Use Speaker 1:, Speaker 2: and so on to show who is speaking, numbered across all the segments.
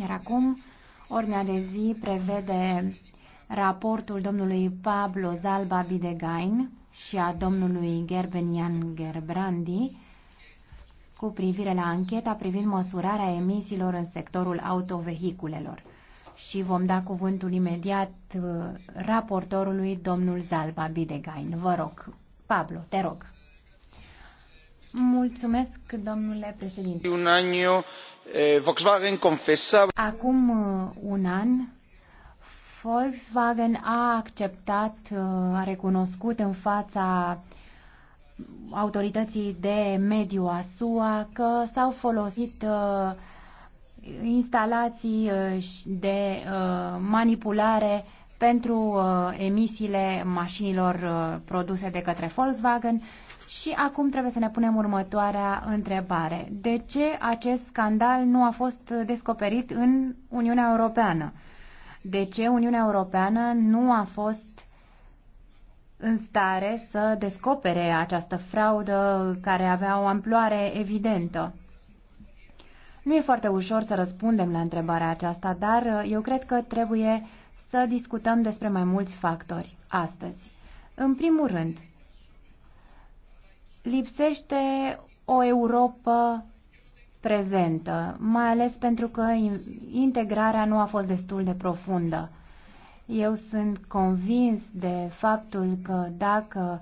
Speaker 1: Iar acum, ordinea de zi prevede raportul domnului Pablo Zalba Bidegain și a domnului Gerbenian Gerbrandi cu privire la ancheta privind măsurarea emisiilor în sectorul autovehiculelor. Și vom da cuvântul imediat uh, raportorului domnul Zalba Bidegain. Vă rog, Pablo, te rog. Mulțumesc, domnule președinte.
Speaker 2: Un an, Volkswagen
Speaker 1: Acum un an, Volkswagen a acceptat, a recunoscut în fața autorității de mediu a SUA că s-au folosit instalații de manipulare pentru uh, emisiile mașinilor uh, produse de către Volkswagen și acum trebuie să ne punem următoarea întrebare. De ce acest scandal nu a fost descoperit în Uniunea Europeană? De ce Uniunea Europeană nu a fost în stare să descopere această fraudă care avea o amploare evidentă? Nu e foarte ușor să răspundem la întrebarea aceasta, dar uh, eu cred că trebuie să discutăm despre mai mulți factori astăzi. În primul rând, lipsește o Europa prezentă, mai ales pentru că integrarea nu a fost destul de profundă. Eu sunt convins de faptul că dacă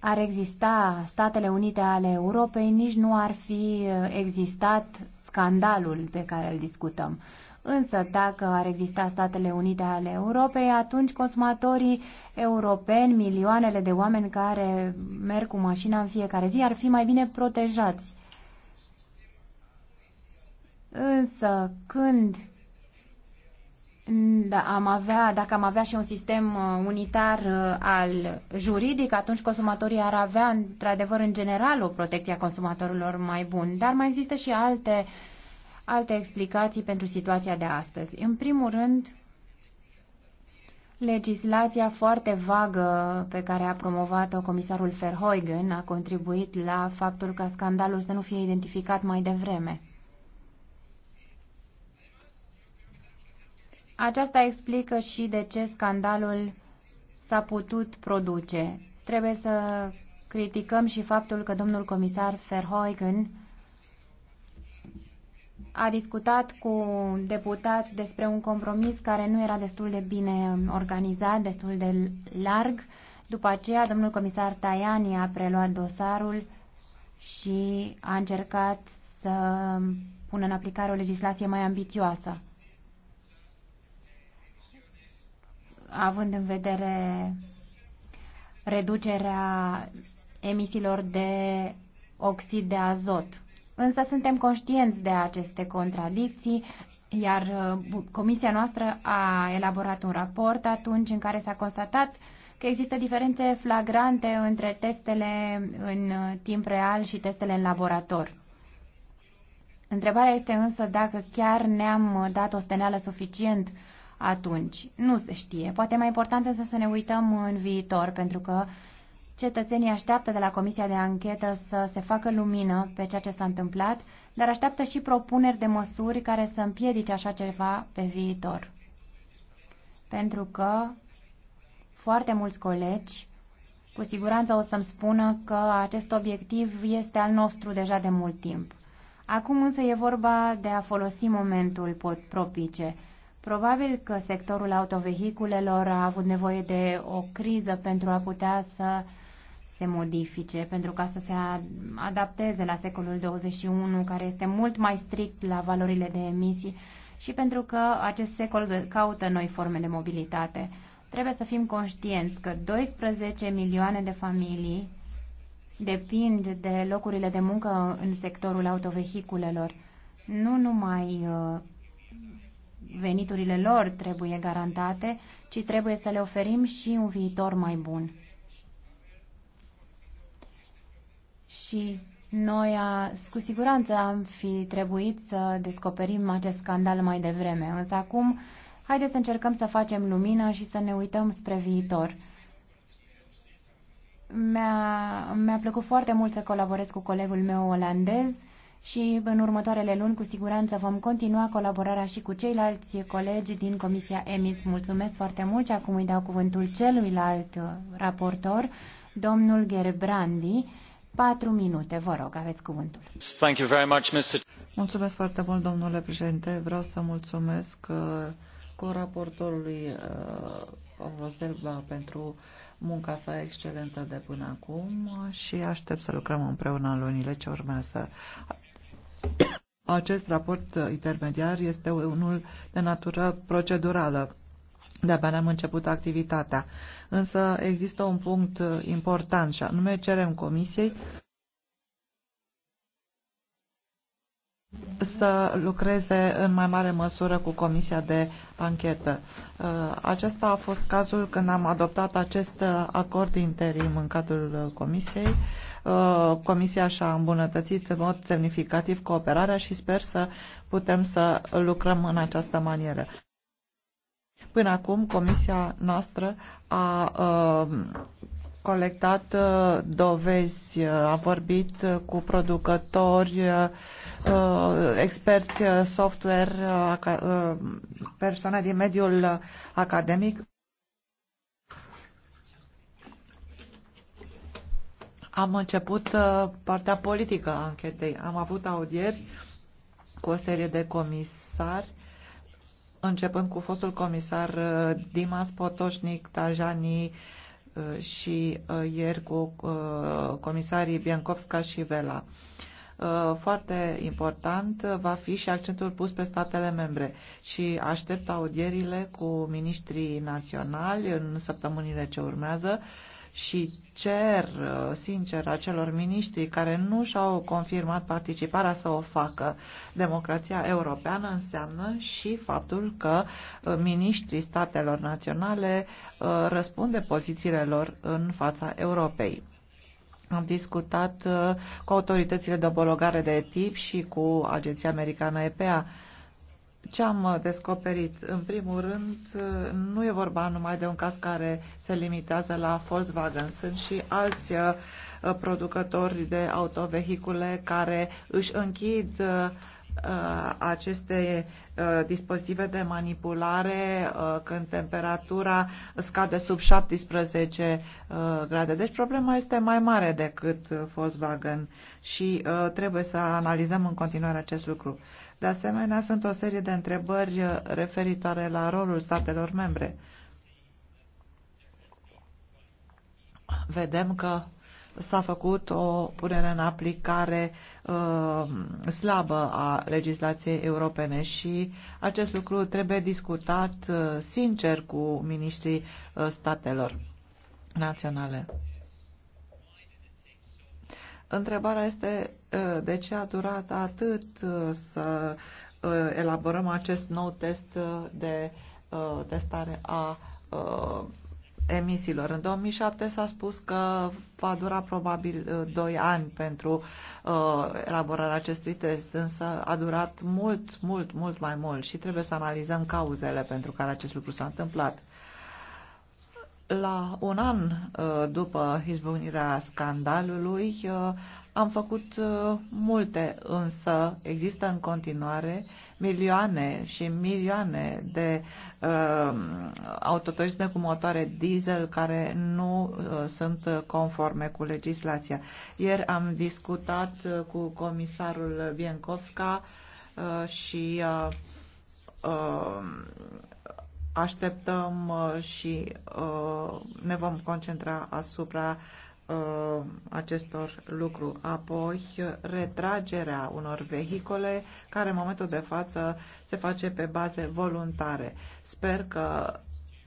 Speaker 1: ar exista Statele Unite ale Europei, nici nu ar fi eh, existat scandalul pe care îl discutăm. Însă, dacă ar exista Statele Unite ale Europei, atunci consumatorii europeni, milioanele de oameni care merg cu mașina în fiecare zi, ar fi mai bine protejați. Însă, când da, am avea, dacă am avea și un sistem uh, unitar uh, al juridic, atunci consumatorii ar avea, într-adevăr, în general, o protecție a consumatorilor mai bună. Dar mai există și alte uh, alte explicații pentru situația de astăzi. În primul rând, legislația foarte vagă pe care a promovat-o comisarul Verheugen a contribuit la faptul ca scandalul să nu fie identificat mai devreme. Aceasta explică și de ce scandalul s-a putut produce. Trebuie să criticăm și faptul că domnul comisar Verheugen a discutat cu deputați despre un compromis care nu era destul de bine organizat, destul de larg. După aceea, domnul comisar Tajani a preluat dosarul și a încercat să pună în aplicare o legislație mai ambițioasă. Având în vedere reducerea emisiilor de oxid de azot. Însă suntem conștienți de aceste contradicții, iar uh, comisia noastră a elaborat un raport atunci în care s-a constatat că există diferențe flagrante între testele în uh, timp real și testele în laborator. Întrebarea este însă dacă chiar ne-am uh, dat o steneală suficient atunci. Nu se știe. Poate mai important însă să ne uităm în viitor, pentru că Cetățenii așteaptă de la Comisia de Anchetă să se facă lumină pe ceea ce s-a întâmplat, dar așteaptă și propuneri de măsuri care să împiedice așa ceva pe viitor. Pentru că foarte mulți colegi cu siguranță o să-mi spună că acest obiectiv este al nostru deja de mult timp. Acum însă e vorba de a folosi momentul pot propice. Probabil că sectorul autovehiculelor a avut nevoie de o criză pentru a putea să se modifice pentru ca să se adapteze la secolul 21, care este mult mai strict la valorile de emisii și pentru că acest secol caută noi forme de mobilitate. Trebuie să fim conștienți că 12 milioane de familii depind de locurile de muncă în sectorul autovehiculelor. Nu numai uh, veniturile lor trebuie garantate, ci trebuie să le oferim și un viitor mai bun. și noi a, cu siguranță am fi trebuit să descoperim acest scandal mai devreme, însă acum haideți să încercăm să facem lumină și să ne uităm spre viitor. Mi-a, mi-a plăcut foarte mult să colaborez cu colegul meu olandez și în următoarele luni cu siguranță vom continua colaborarea și cu ceilalți colegi din Comisia EMIS. Mulțumesc foarte mult și acum îi dau cuvântul celuilalt uh, raportor, domnul Gerbrandi Patru
Speaker 2: minute, vă rog, aveți cuvântul. Thank you very much, Mr. Mulțumesc foarte mult, domnule președinte. Vreau să mulțumesc uh, coraportorului uh, Roselba pentru munca sa excelentă de până acum și aștept să lucrăm împreună în lunile ce urmează. Acest raport intermediar este unul de natură procedurală de-abia ne-am început activitatea. Însă există un punct uh, important și anume cerem Comisiei să lucreze în mai mare măsură cu Comisia de Anchetă. Uh, acesta a fost cazul când am adoptat acest uh, acord interim în cadrul Comisiei. Comisia și-a îmbunătățit în mod semnificativ cooperarea și sper să putem să lucrăm în această manieră. Până acum, comisia noastră a uh, colectat uh, dovezi, uh, a vorbit uh, cu producători, uh, uh experți software, persoane din mediul academic. Am început partea politică a anchetei. Am avut audieri cu o serie de comisari începând cu fostul comisar uh, Dimas Potoșnic, Tajani uh, și uh, ieri cu comisarii Biancovska și Vela. Foarte important va fi și accentul pus pe statele membre și aștept audierile cu ministrii naționali în săptămânile ce urmează și cer uh, sincer acelor miniștri care nu și-au confirmat participarea să o facă. Democrația europeană înseamnă și faptul că uh, miniștrii statelor naționale uh, răspunde pozițiile lor în fața Europei. Am discutat cu autoritățile de obologare de tip și cu Agenția Americană EPA ce am uh, descoperit? În primul rând, uh, nu e vorba numai de un caz care se limitează la Volkswagen. Sunt și alți uh, producători de autovehicule care își închid aceste Uh, dispozitive de manipulare uh, când temperatura scade sub 17 uh, grade. Deci problema este mai mare decât Volkswagen și trebuie să analizăm în continuare acest lucru. De asemenea, sunt o serie de întrebări referitoare la rolul statelor membre. Vedem că s-a făcut o punere în aplicare uh, slabă a legislației europene și acest lucru trebuie discutat uh, sincer cu ministrii uh, statelor naționale. Întrebarea este uh, de ce a durat atât uh, să uh, elaborăm acest nou test de testare a emisiilor. În 2007 s-a spus că va dura probabil 2 uh, ani pentru uh, elaborarea acestui test, însă a durat mult, mult, mult mai mult și trebuie să analizăm cauzele pentru care acest lucru s-a întâmplat. La un an uh, după izbucnirea scandalului, uh, am făcut uh, multe, însă există în continuare milioane și milioane de uh, autoturisme cu motoare diesel care nu uh, sunt conforme cu legislația. Ieri am discutat uh, cu comisarul Biencovska uh, și uh, uh, așteptăm uh, și uh, ne vom concentra asupra uh, Uh, acestor lucruri. Apoi, retragerea unor vehicole care în momentul de față se face pe baze voluntare. Sper că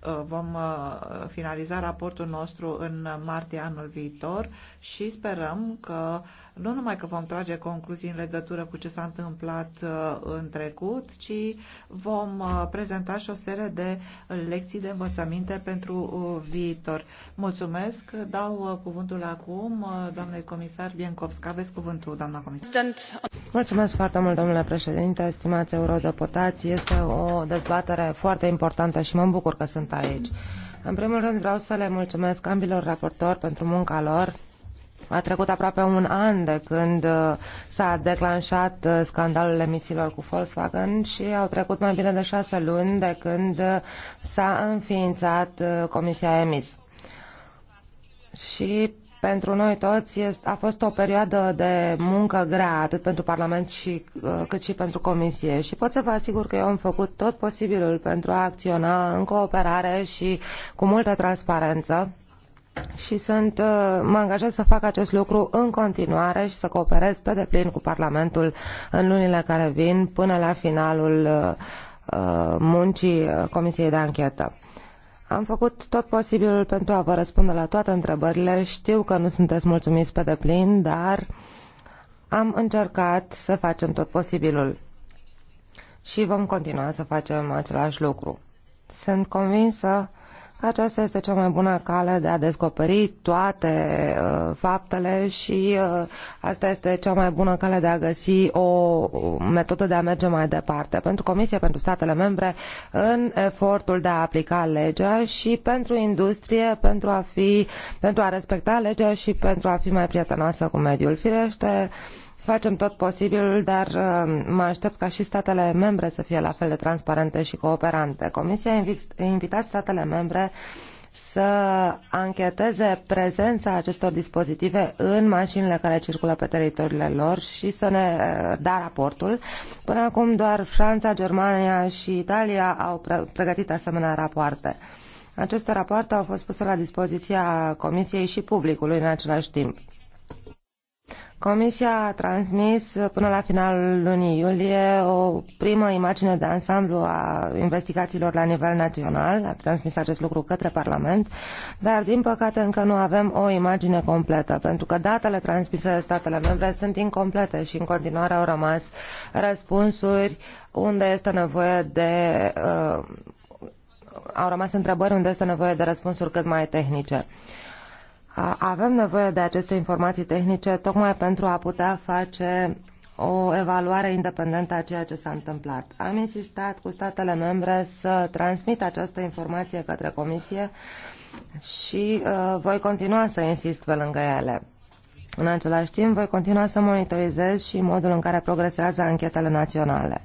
Speaker 2: uh, vom uh, finaliza raportul nostru în martie anul viitor și sperăm că nu numai că vom trage concluzii în legătură cu ce s-a întâmplat uh, în trecut, ci vom uh, prezenta și o serie de lecții de învățăminte pentru uh, viitor. Mulțumesc. Dau cuvântul acum doamnei comisar Biencovsk. Aveți cuvântul, doamna comisar.
Speaker 3: Mulțumesc foarte mult, domnule președinte, stimați eurodeputați. Este o dezbatere foarte importantă și mă bucur că sunt aici. În primul rând vreau să le mulțumesc ambilor raportori pentru munca lor a trecut aproape un an de când uh, s-a declanșat uh, scandalul emisiilor cu Volkswagen și au trecut mai bine de șase luni de când uh, s-a înființat Comisia EMIS. Și pentru noi toți a fost o perioadă de muncă grea, atât pentru Parlament și, cât și pentru Comisie. Și pot să vă asigur că eu am făcut tot posibilul pentru a acționa în cooperare și cu multă transparență și sunt, uh, mă angajez să fac acest lucru în continuare și să cooperez pe deplin cu Parlamentul în lunile care vin până la finalul uh, uh, muncii Comisiei de Anchetă. Am făcut tot posibilul pentru a vă răspunde la toate întrebările. Știu că nu sunteți mulțumiți pe deplin, dar am încercat să facem tot posibilul și vom continua să facem același lucru. Sunt convinsă aceasta este cea mai bună cale de a descoperi toate uh, faptele și uh, asta este cea mai bună cale de a găsi o metodă de a merge mai departe pentru Comisie, pentru statele membre în efortul de a aplica legea și pentru industrie pentru a, fi, pentru a respecta legea și pentru a fi mai prietenoasă cu mediul. Firește, uh, Facem tot posibilul, dar uh, mă aștept ca și statele membre să fie la fel de transparente și cooperante. Comisia a invitat statele membre să ancheteze prezența acestor dispozitive în mașinile care circulă pe teritoriile lor și să ne da raportul. Până acum doar Franța, Germania și Italia au pregătit asemenea rapoarte. Aceste rapoarte au fost puse la dispoziția Comisiei și publicului în același timp. Comisia a transmis uh, până la finalul lunii iulie o primă imagine de ansamblu a investigațiilor la nivel național, a transmis acest lucru către Parlament, dar din păcate încă nu avem o imagine completă, pentru că datele transmise de statele membre sunt incomplete și în continuare au rămas răspunsuri unde este nevoie de. Uh, au rămas întrebări unde este nevoie de răspunsuri cât mai tehnice. Uh, avem nevoie de aceste informații tehnice tocmai pentru a putea face o evaluare independentă a ceea ce s-a întâmplat. Am insistat cu statele membre să transmit această informație către Comisie și uh, voi continua să insist pe lângă ele. În același timp, voi continua să monitorizez și modul în care progresează anchetele naționale.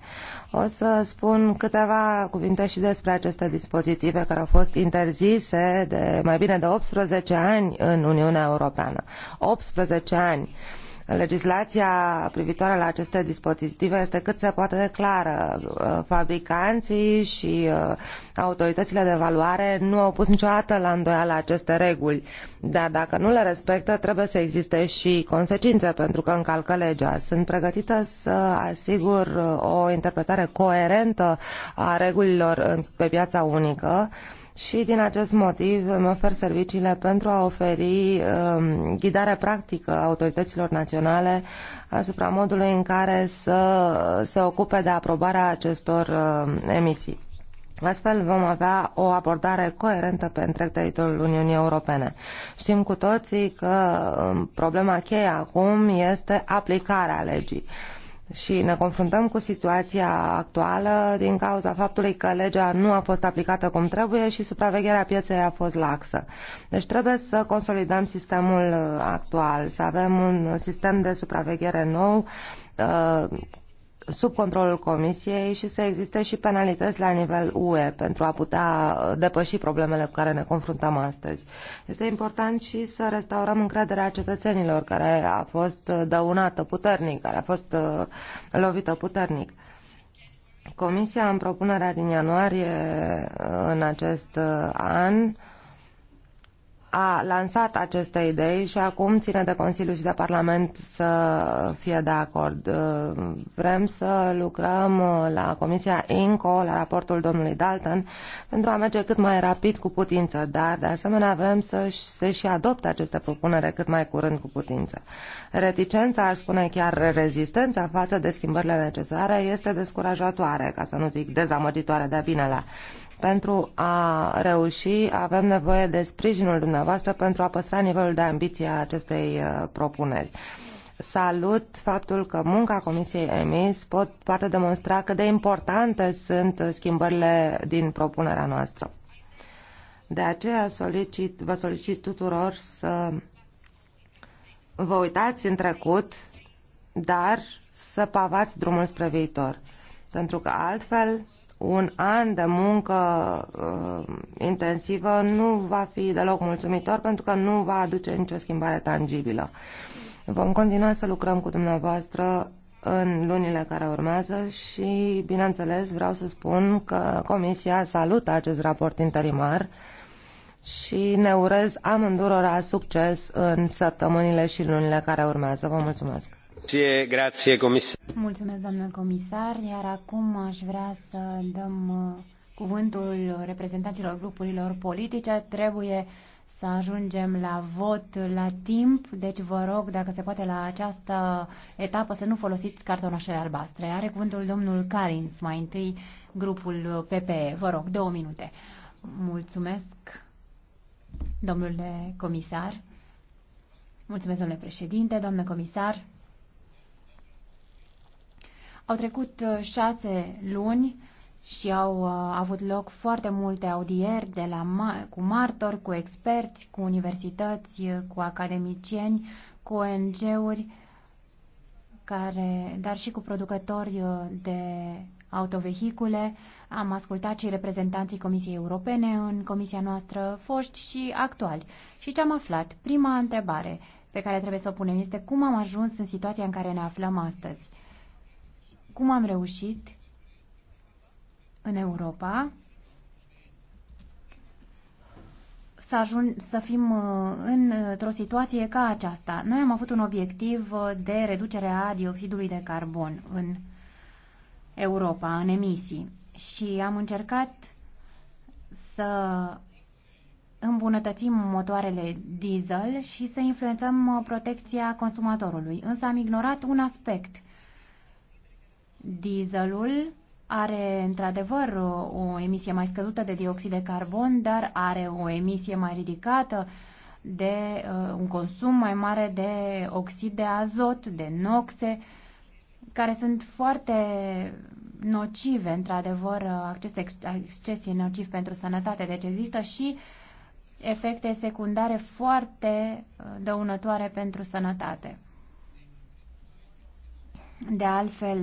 Speaker 3: O să spun câteva cuvinte și despre aceste dispozitive care au fost interzise de mai bine de 18 ani în Uniunea Europeană. 18 ani. Uh, legislația privitoare la aceste dispozitive este cât se poate de clară. Uh, fabricanții și uh, autoritățile de evaluare nu au pus niciodată la îndoială aceste reguli, dar dacă nu le respectă, trebuie să existe și consecințe pentru că încalcă legea. Sunt pregătită să asigur uh, o interpretare coerentă a regulilor pe piața unică, și din acest motiv îmi ofer serviciile pentru a oferi um, ghidare practică autorităților naționale asupra modului în care să se ocupe de aprobarea acestor um, emisii. Astfel vom avea o abordare coerentă pe întreg teritoriul Uniunii Europene. Știm cu toții că um, problema cheie acum este aplicarea legii. Uh, și ne confruntăm cu situația actuală din cauza faptului că legea nu a fost aplicată cum trebuie și supravegherea pieței a fost laxă. Deci trebuie să consolidăm sistemul actual, să avem un sistem de supraveghere nou uh, sub controlul Comisiei și să existe și penalități la nivel UE pentru a putea depăși problemele cu care ne confruntăm astăzi. Este important și să restaurăm încrederea cetățenilor care a fost dăunată puternic, care a fost uh, lovită puternic. Comisia, în propunerea din ianuarie uh, în acest uh, an, a lansat aceste idei și acum ține de Consiliu și de Parlament să fie de acord. Uh, vrem să lucrăm uh, la Comisia INCO, la raportul domnului Dalton, pentru a merge cât mai rapid cu putință, dar de asemenea vrem să se și adopte aceste propunere cât mai curând cu putință. Reticența, ar spune chiar rezistența față de schimbările necesare, este descurajatoare, ca să nu zic dezamăgitoare de-a binelea. Pentru a reuși, avem nevoie de sprijinul dumneavoastră pentru a păstra nivelul de ambiție a acestei uh, propuneri. Salut faptul că munca Comisiei EMIS pot, poate demonstra cât de importante sunt schimbările din propunerea noastră. De aceea solicit, vă solicit tuturor să vă uitați în trecut, dar să pavați drumul spre viitor. Pentru că altfel un an de muncă uh, intensivă nu va fi deloc mulțumitor pentru că nu va aduce nicio schimbare tangibilă. Vom continua să lucrăm cu dumneavoastră în lunile care urmează și, bineînțeles, vreau să spun că Comisia salută acest raport interimar și ne urez amândurora succes în săptămânile și lunile care urmează. Vă mulțumesc!
Speaker 4: Grazie, grazie, comisar.
Speaker 1: Mulțumesc, doamnă comisar, iar acum aș vrea să dăm uh, cuvântul reprezentanților grupurilor politice. Trebuie să ajungem la vot la timp, deci vă rog, dacă se poate, la această etapă să nu folosiți cartonașele albastre. Are cuvântul domnul Carins, mai întâi grupul PPE. Vă rog, două minute. Mulțumesc, domnule comisar. Mulțumesc, domnule președinte, domnule comisar. Au trecut uh, șase luni și au uh, avut loc foarte multe audieri de la cu martori, cu experți, cu universități, uh, cu academicieni, cu ONG-uri, dar și cu producători de autovehicule. Am ascultat și reprezentanții Comisiei Europene în comisia noastră, foști și actuali. Și ce am aflat? Prima întrebare pe care trebuie să o punem este cum am ajuns în situația în care ne aflăm astăzi cum am reușit în Europa să, ajung, să fim uh, într-o situație ca aceasta. Noi am avut un obiectiv uh, de reducere a dioxidului de carbon în Europa, în emisii, și am încercat să îmbunătățim motoarele diesel și să influențăm uh, protecția consumatorului. Însă am ignorat un aspect – Dieselul are într-adevăr o, o emisie mai scăzută de dioxid de carbon, dar are o emisie mai ridicată de uh, un consum mai mare de oxid de azot, de noxe, care sunt foarte nocive, într-adevăr, uh, acest ex- exces e nociv pentru sănătate, deci există și efecte secundare foarte uh, dăunătoare pentru sănătate. De altfel,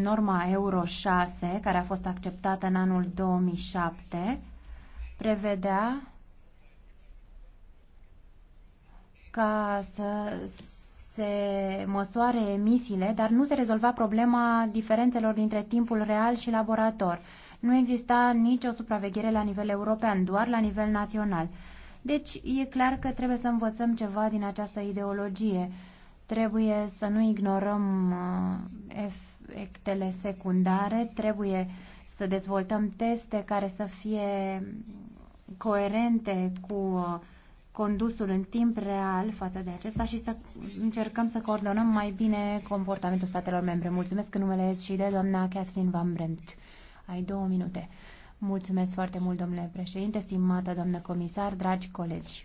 Speaker 1: norma Euro 6, care a fost acceptată în anul 2007, prevedea ca să se măsoare emisiile, dar nu se rezolva problema diferențelor dintre timpul real și laborator. Nu exista nicio supraveghere la nivel european, doar la nivel național. Deci e clar că trebuie să învățăm ceva din această ideologie Trebuie să nu ignorăm uh, efectele secundare, trebuie să dezvoltăm teste care să fie coerente cu uh, condusul în timp real față de acesta și să încercăm să coordonăm mai bine comportamentul statelor membre. Mulțumesc în numele și de doamna Catherine Van Brent. Ai două minute. Mulțumesc foarte mult, domnule președinte, stimată doamnă comisar, dragi colegi.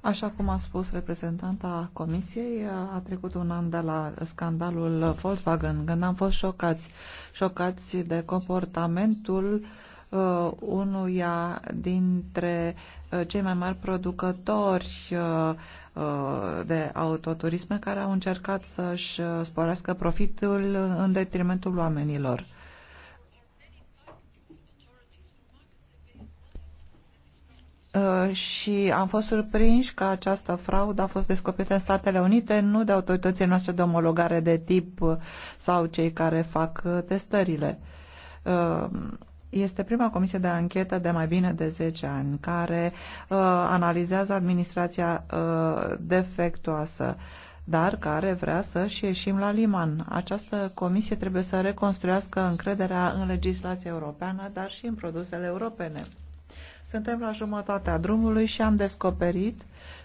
Speaker 2: Așa cum a spus reprezentanta comisiei, a trecut un an de la scandalul Volkswagen, când am fost șocați, șocați de comportamentul uh, unuia dintre uh, cei mai mari producători uh, uh de autoturisme care au încercat să-și uh, sporească profitul în detrimentul oamenilor Uh, și am fost surprinși că această fraudă a fost descoperită în Statele Unite, nu de autoritățile noastre de omologare de tip uh, sau cei care fac uh, testările. Este prima comisie de anchetă de mai bine de 10 ani care analizează administrația defectuoasă dar care vrea să-și ieșim la liman. Această comisie trebuie să reconstruiască încrederea în legislația europeană, dar și în produsele europene. Suntem la jumătatea drumului și am descoperit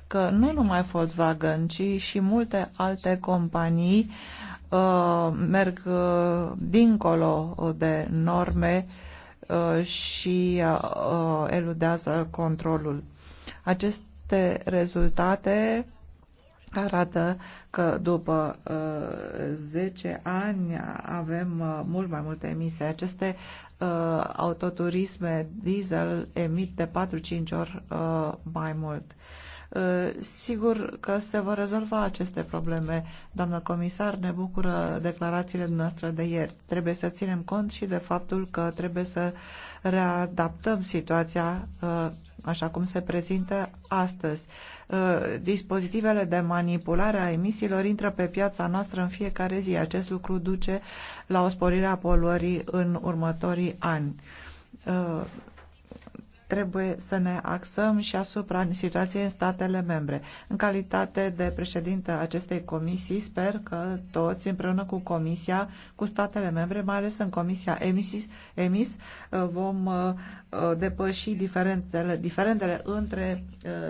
Speaker 2: că nu numai Volkswagen, ci și multe alte companii uh, merg uh, dincolo de norme uh, și uh, eludează controlul. Aceste rezultate arată că după uh, 10 ani avem uh, mult mai multe emisii. Aceste uh, autoturisme diesel emit de 4-5 ori uh, mai mult. Uh, sigur că se vor rezolva aceste probleme. Doamnă comisar, ne bucură declarațiile noastre de ieri. Trebuie să ținem cont și de faptul că trebuie să readaptăm situația uh, așa cum se prezintă astăzi. Uh, dispozitivele de manipulare a emisiilor intră pe piața noastră în fiecare zi. Acest lucru duce la o sporire a poluării în următorii ani uh, trebuie să ne axăm și asupra situației în statele membre. În calitate de președinte acestei comisii, sper că toți împreună cu comisia, cu statele membre, mai ales în comisia EMIS, EMIS uh, vom uh, uh, depăși diferențele, diferendele între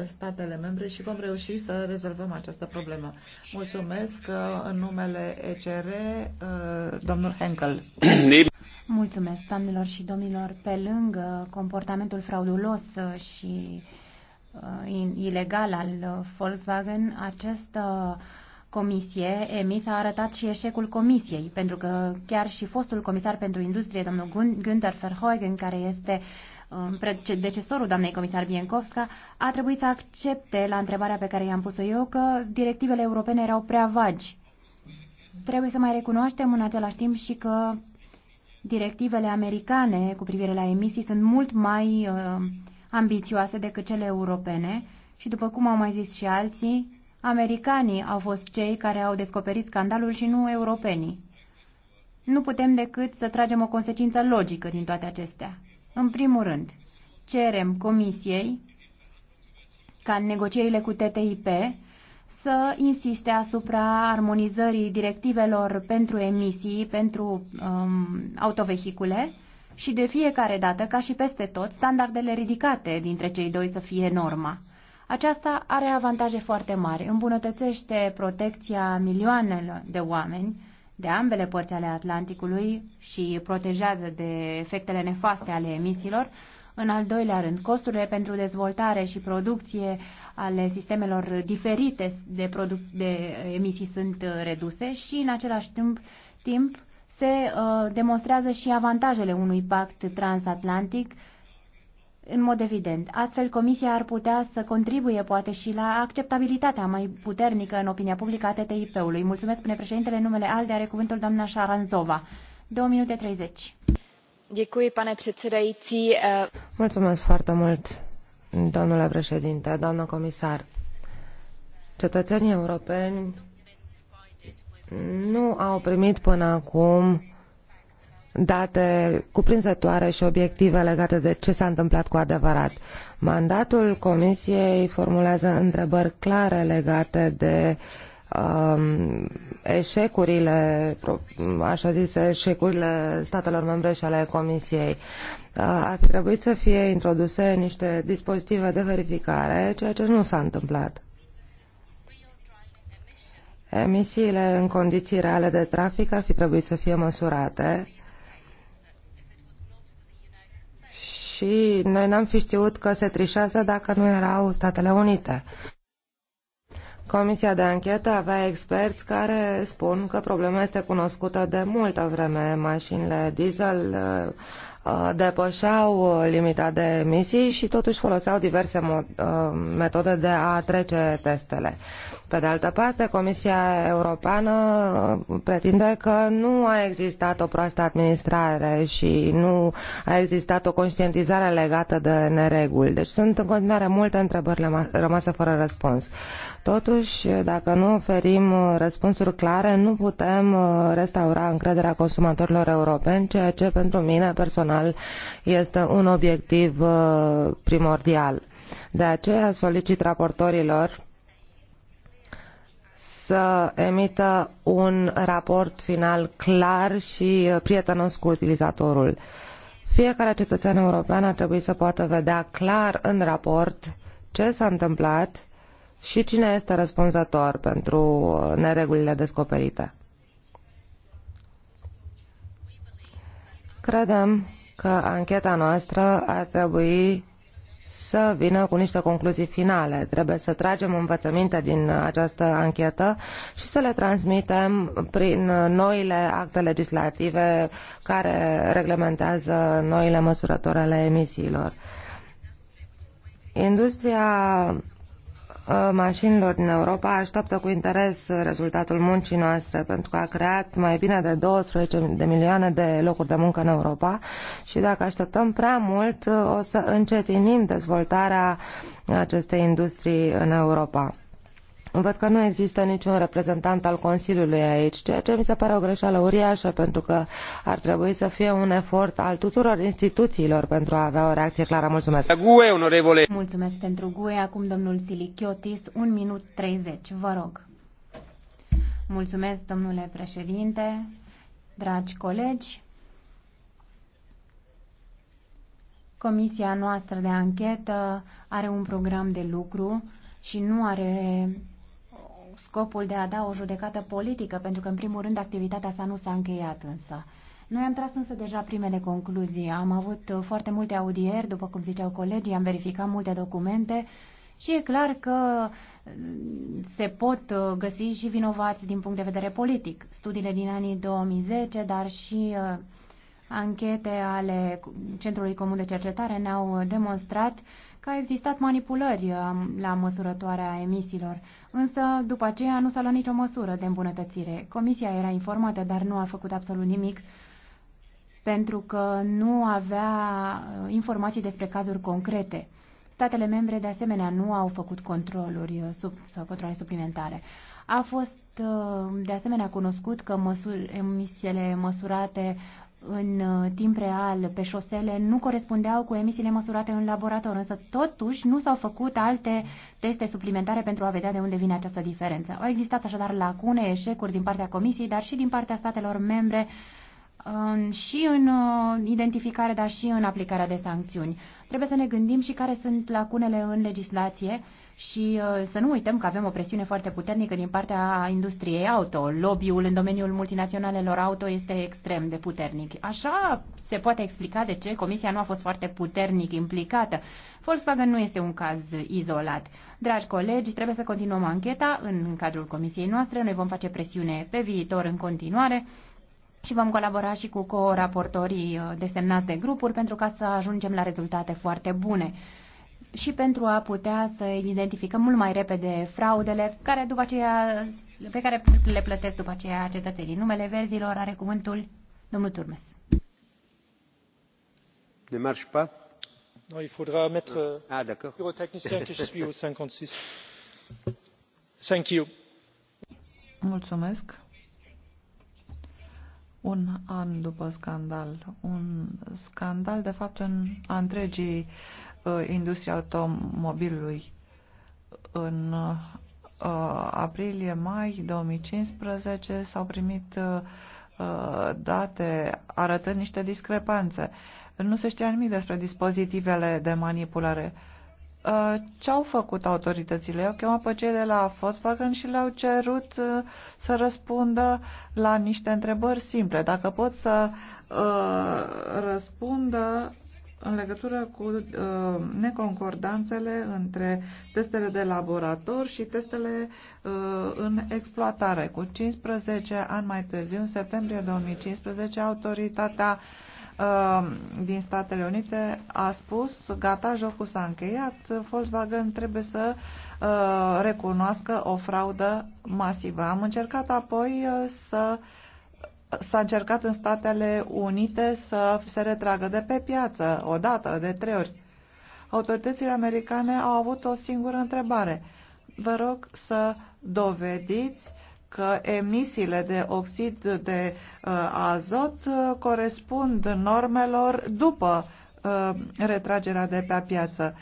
Speaker 2: statele membre și vom reuși să rezolvăm această problemă. Mulțumesc în numele ECR, domnul Henkel. Mulțumesc,
Speaker 1: doamnelor și domnilor. Pe lângă comportamentul fraudulos uh, și uh, ilegal al uh, Volkswagen, această comisie emis a arătat și eșecul comisiei, pentru că chiar și fostul comisar pentru industrie, domnul Günther Verheugen, care este um, decesorul doamnei comisar Biencovska, a trebuit să accepte la întrebarea pe care i-am pus-o eu că directivele europene erau prea vagi. Trebuie să mai recunoaștem în același timp și că directivele americane cu privire la emisii sunt mult mai uh, ambițioase decât cele europene și, după cum au mai zis și alții, americanii au fost cei care au descoperit scandalul și nu europenii. Nu putem decât să tragem o consecință logică din toate acestea. În primul rând, cerem Comisiei ca în negocierile cu TTIP să insiste asupra armonizării directivelor pentru emisii, pentru um, autovehicule și de fiecare dată, ca și peste tot, standardele ridicate dintre cei doi să fie norma. Aceasta are avantaje foarte mari, îmbunătățește protecția milioanelor de oameni de ambele părți ale Atlanticului și protejează de efectele nefaste ale emisiilor, în al doilea rând, costurile pentru dezvoltare și producție ale sistemelor diferite de, produc- de emisii sunt uh, reduse și, în același timp, timp se uh, demonstrează și avantajele unui pact transatlantic în mod evident. Astfel, Comisia ar putea să contribuie poate și la acceptabilitatea mai puternică în opinia publică a TTIP-ului. Mulțumesc, spune președintele, numele ALDE are cuvântul doamna Șaranzova. 2 minute 30 pane předsedající
Speaker 3: mulțumesc foarte mult domnule președinte doamnă comisar cetățenii europeni nu au primit până acum date cuprinzătoare și obiective legate de ce s-a întâmplat cu adevărat. Mandatul Comisiei formulează întrebări clare legate de Um, eșecurile, așa zise, eșecurile statelor membre și ale Comisiei. Uh, ar fi trebuit să fie introduse niște dispozitive de verificare, ceea ce nu s-a întâmplat. Emisiile în condiții reale de trafic ar fi trebuit să fie măsurate și noi n-am fi știut că se trișează dacă nu erau Statele Unite. Comisia de anchetă avea experți care spun că problema este cunoscută de multă vreme. Mașinile diesel uh, uh, depășeau uh, limita de emisii și totuși foloseau diverse metode de a trece testele. Pe de altă parte, Comisia Europeană uh, pretinde că nu a existat o proastă administrare și nu a existat o conștientizare legată de nereguli. Deci sunt în continuare multe întrebări rămase fără răspuns. Totuși, dacă nu oferim uh, răspunsuri clare, nu putem uh, restaura încrederea consumatorilor europeni, ceea ce pentru mine personal este un obiectiv primordial. De aceea solicit raportorilor să emită un raport final clar și uh, prietenos cu utilizatorul. Fiecare cetățean european ar trebui să poată vedea clar în raport ce s-a întâmplat și cine este răspunzător pentru uh, neregulile descoperite. Credem că ancheta noastră ar trebui să vină cu niște concluzii finale. Trebuie să tragem învățăminte din această anchetă și să le transmitem prin noile acte legislative care reglementează noile măsurători ale emisiilor. Industria Uh, mașinilor din Europa așteaptă cu interes rezultatul muncii noastre pentru că a creat mai bine de 12 de milioane de locuri de muncă în Europa și dacă așteptăm prea mult uh, o să încetinim dezvoltarea acestei industrii în Europa. Văd că nu există niciun reprezentant al Consiliului aici, ceea ce mi se pare o greșeală uriașă, pentru că ar trebui să fie un efort al tuturor instituțiilor pentru a avea o reacție clară. Mulțumesc! GUE, onorevole! Mulțumesc pentru GUE. Acum
Speaker 1: domnul Silichiotis, un minut 30. Vă rog! Mulțumesc, domnule președinte, dragi colegi. Comisia noastră de anchetă are un program de lucru și nu are scopul de a da o judecată politică, pentru că, în primul rând, activitatea sa nu s-a încheiat însă. Noi am tras însă deja primele concluzii. Am avut uh, foarte multe audieri, după cum ziceau colegii, am verificat multe documente și e clar că uh, se pot uh, găsi și vinovați din punct de vedere politic. Studiile din anii 2010, dar și anchete ale Centrului Comun de Cercetare ne-au demonstrat că a existat manipulări um, la măsurătoarea emisiilor, însă după aceea nu s-a luat nicio măsură de îmbunătățire. Comisia era informată, dar nu a făcut absolut nimic pentru că nu avea uh, informații despre cazuri concrete. Statele membre, de asemenea, nu au făcut controluri uh, sub, sau controle suplimentare. A fost, uh, de asemenea, cunoscut că măsur, emisiile măsurate în uh, timp real pe șosele nu corespundeau cu emisiile măsurate în laborator, însă totuși nu s-au făcut alte teste suplimentare pentru a vedea de unde vine această diferență. Au existat așadar lacune, eșecuri din partea Comisiei, dar și din partea statelor membre um, și în uh, identificare, dar și în aplicarea de sancțiuni. Trebuie să ne gândim și care sunt lacunele în legislație și uh, să nu uităm că avem o presiune foarte puternică din partea industriei auto. Lobby-ul în domeniul multinaționalelor auto este extrem de puternic. Așa se poate explica de ce Comisia nu a fost foarte puternic implicată. Volkswagen nu este un caz izolat. Dragi colegi, trebuie să continuăm ancheta în cadrul Comisiei noastre. Noi vom face presiune pe viitor în continuare și vom colabora și cu co-raportorii uh, desemnați de grupuri pentru ca să ajungem la rezultate foarte bune și pentru a putea să identificăm mult mai repede fraudele care după aceea, pe care le plătesc după aceea cetățenii. Numele verzilor are cuvântul domnul Turmes. Ne marche pas? Non, il faudra mettre ah, le pyrotechnicien que je suis au 56.
Speaker 2: Thank you. Mulțumesc. Un an după scandal. Un scandal, de fapt, în întregii uh, Uh, industria automobilului. În uh, aprilie-mai 2015 s-au primit uh, date arătând niște discrepanțe. Nu se știa nimic despre dispozitivele de manipulare. Ce au făcut autoritățile? Au chemat pe cei de la Volkswagen și le-au cerut să răspundă la niște întrebări simple. Dacă pot să răspundă în legătură cu uh, neconcordanțele între testele de laborator și testele uh, în exploatare. Cu 15 ani mai târziu, în septembrie 2015, autoritatea uh, din Statele Unite a spus, gata, jocul s-a încheiat, Volkswagen trebuie să uh, recunoască o fraudă masivă. Am încercat apoi uh, să uh, s-a încercat în Statele Unite să se retragă de pe piață, o dată, de trei ori. Autoritățile americane au avut o singură întrebare. Vă rog să dovediți că emisiile de oxid de uh, azot uh, corespund normelor după uh, retragerea de pe piață.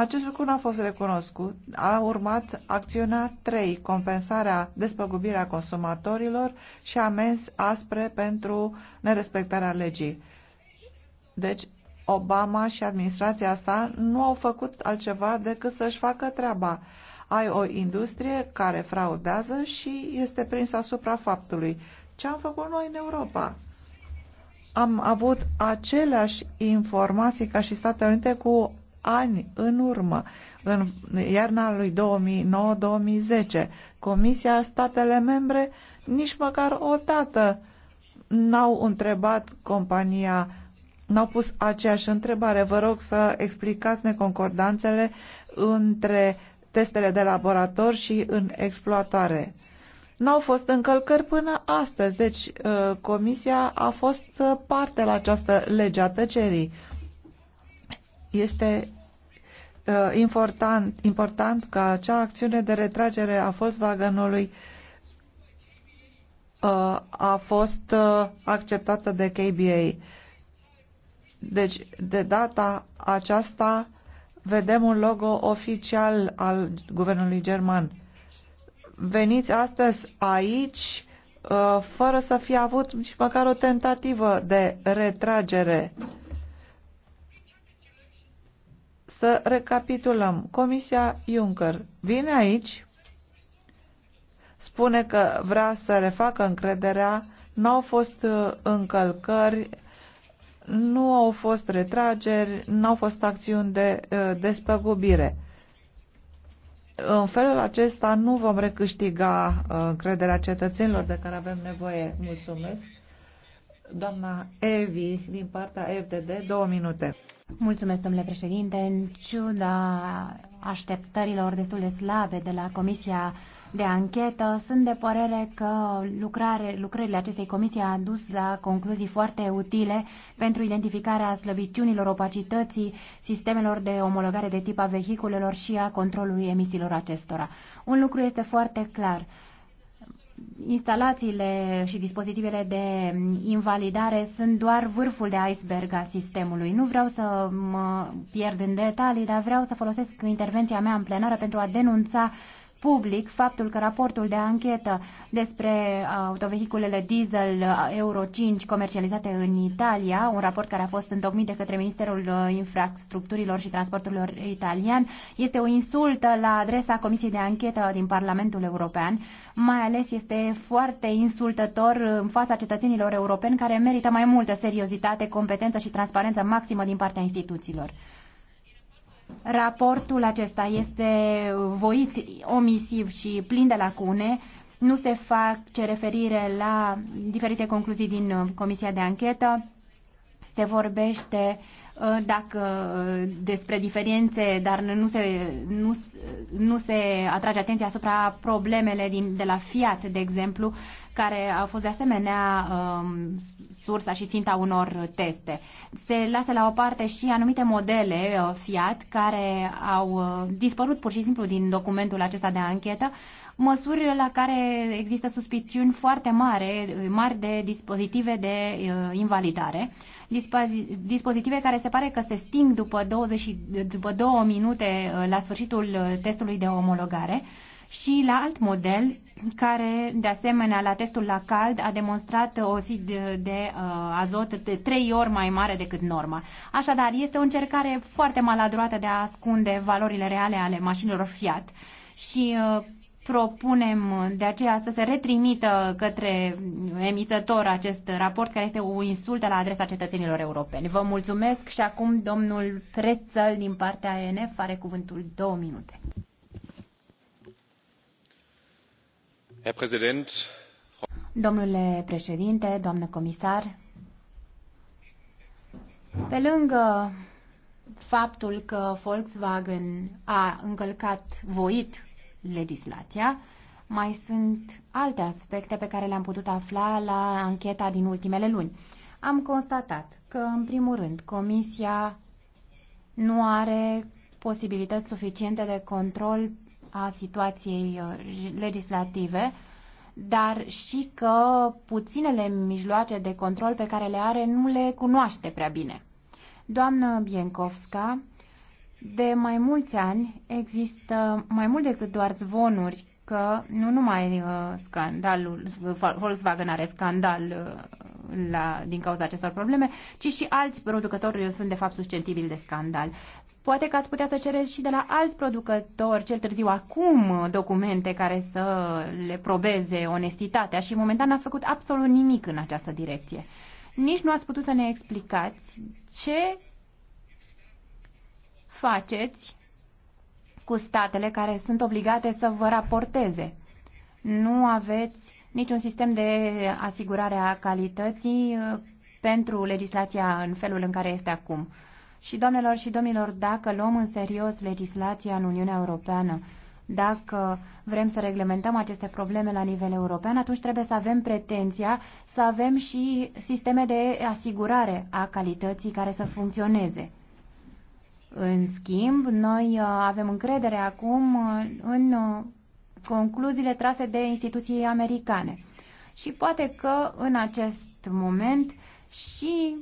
Speaker 2: Acest lucru nu a fost recunoscut. A urmat acțiunea 3, compensarea, despăgubirea consumatorilor și amenzi aspre pentru nerespectarea legii. Deci, Obama și administrația sa nu au făcut altceva decât să-și facă treaba. Ai o industrie care fraudează și este prinsă asupra faptului. Ce am făcut noi în Europa? am avut aceleași informații ca și Statele Unite cu ani în urmă, în iarna lui 2009-2010. Comisia, statele membre, nici măcar o dată n-au întrebat compania, n-au pus aceeași întrebare. Vă rog să explicați neconcordanțele între testele de laborator și în exploatare. N-au fost încălcări până astăzi, deci uh, Comisia a fost uh, parte la această lege a tăcerii. Este uh, important, important ca acea acțiune de retragere a Volkswagenului uh, a fost uh, acceptată de KBA. Deci, de data aceasta, vedem un logo oficial al guvernului german. Veniți astăzi aici fără să fie avut nici măcar o tentativă de retragere să recapitulăm. Comisia Juncker vine aici, spune că vrea să refacă încrederea, nu au fost uh, încălcări, nu au fost retrageri, nu au fost acțiuni de uh, despăgubire. În felul acesta nu vom recâștiga uh, încrederea cetățenilor de care avem nevoie. Mulțumesc. Doamna Evi, din partea FDD, două minute.
Speaker 1: Mulțumesc, domnule președinte. În
Speaker 2: ciuda
Speaker 1: așteptărilor destul de slabe de la Comisia de anchetă, sunt de părere că lucrare, lucrările acestei comisii a dus la concluzii foarte utile pentru identificarea slăbiciunilor, opacității, sistemelor de omologare de tip a vehiculelor și a controlului emisiilor acestora. Un lucru este foarte clar instalațiile și dispozitivele de invalidare sunt doar vârful de iceberg a sistemului. Nu vreau să mă pierd în detalii, dar vreau să folosesc intervenția mea în plenară pentru a denunța public faptul că raportul de anchetă despre uh, autovehiculele diesel uh, Euro 5 comercializate în Italia, un raport care a fost întocmit de către Ministerul uh, Infrastructurilor și Transporturilor italian, este o insultă la adresa Comisiei de Anchetă din Parlamentul European. Mai ales este foarte insultător în fața cetățenilor europeni care merită mai multă seriozitate, competență și transparență maximă din partea instituțiilor. Raportul acesta este voit, omisiv și plin de lacune. Nu se face referire la diferite concluzii din uh, Comisia de Anchetă. Se vorbește uh, dacă uh, despre diferențe, dar nu se, nu, nu se atrage atenția asupra problemele din, de la Fiat, de exemplu, care au fost de asemenea um, sursa și ținta unor teste. Se lasă la o parte și anumite modele uh, Fiat care au uh, dispărut pur și simplu din documentul acesta de anchetă, măsuri la care există suspiciuni foarte mare, mari de dispozitive de uh, invalidare, dispozitive care se pare că se sting după, 20, după două minute uh, la sfârșitul uh, testului de omologare, și la alt model care, de asemenea, la testul la cald a demonstrat o oxid de uh, azot de trei ori mai mare decât norma. Așadar, este o încercare foarte maladroată de a ascunde valorile reale ale mașinilor Fiat și uh, propunem de aceea să se retrimită către emițător acest raport care este o insultă la adresa cetățenilor europeni. Vă mulțumesc și acum domnul Prețăl din partea ANF are cuvântul două minute. Domnule președinte, doamnă comisar, pe lângă faptul că Volkswagen a încălcat voit legislația, mai sunt alte aspecte pe care le-am putut afla la ancheta din ultimele luni. Am constatat că, în primul rând, Comisia nu are posibilități suficiente de control a situației uh, legislative, dar și că puținele mijloace de control pe care le are nu le cunoaște prea bine. Doamnă Biencovska, de mai mulți ani există mai mult decât doar zvonuri că nu numai uh, scandalul Volkswagen are scandal uh, la, din cauza acestor probleme, ci și alți producători sunt de fapt susceptibili de scandal. Poate că ați putea să cereți și de la alți producători, cel târziu acum, documente care să le probeze onestitatea și momentan n-ați făcut absolut nimic în această direcție. Nici nu ați putut să ne explicați ce faceți cu statele care sunt obligate să vă raporteze. Nu aveți niciun sistem de asigurare a calității uh, pentru legislația în felul în care este acum. Și, doamnelor și domnilor, dacă luăm în serios legislația în Uniunea Europeană, dacă vrem să reglementăm aceste probleme la nivel european, atunci trebuie să avem pretenția să avem și sisteme de asigurare a calității care să funcționeze. În schimb, noi uh, avem încredere acum uh, în uh, concluziile trase de instituții americane. Și poate că în acest moment și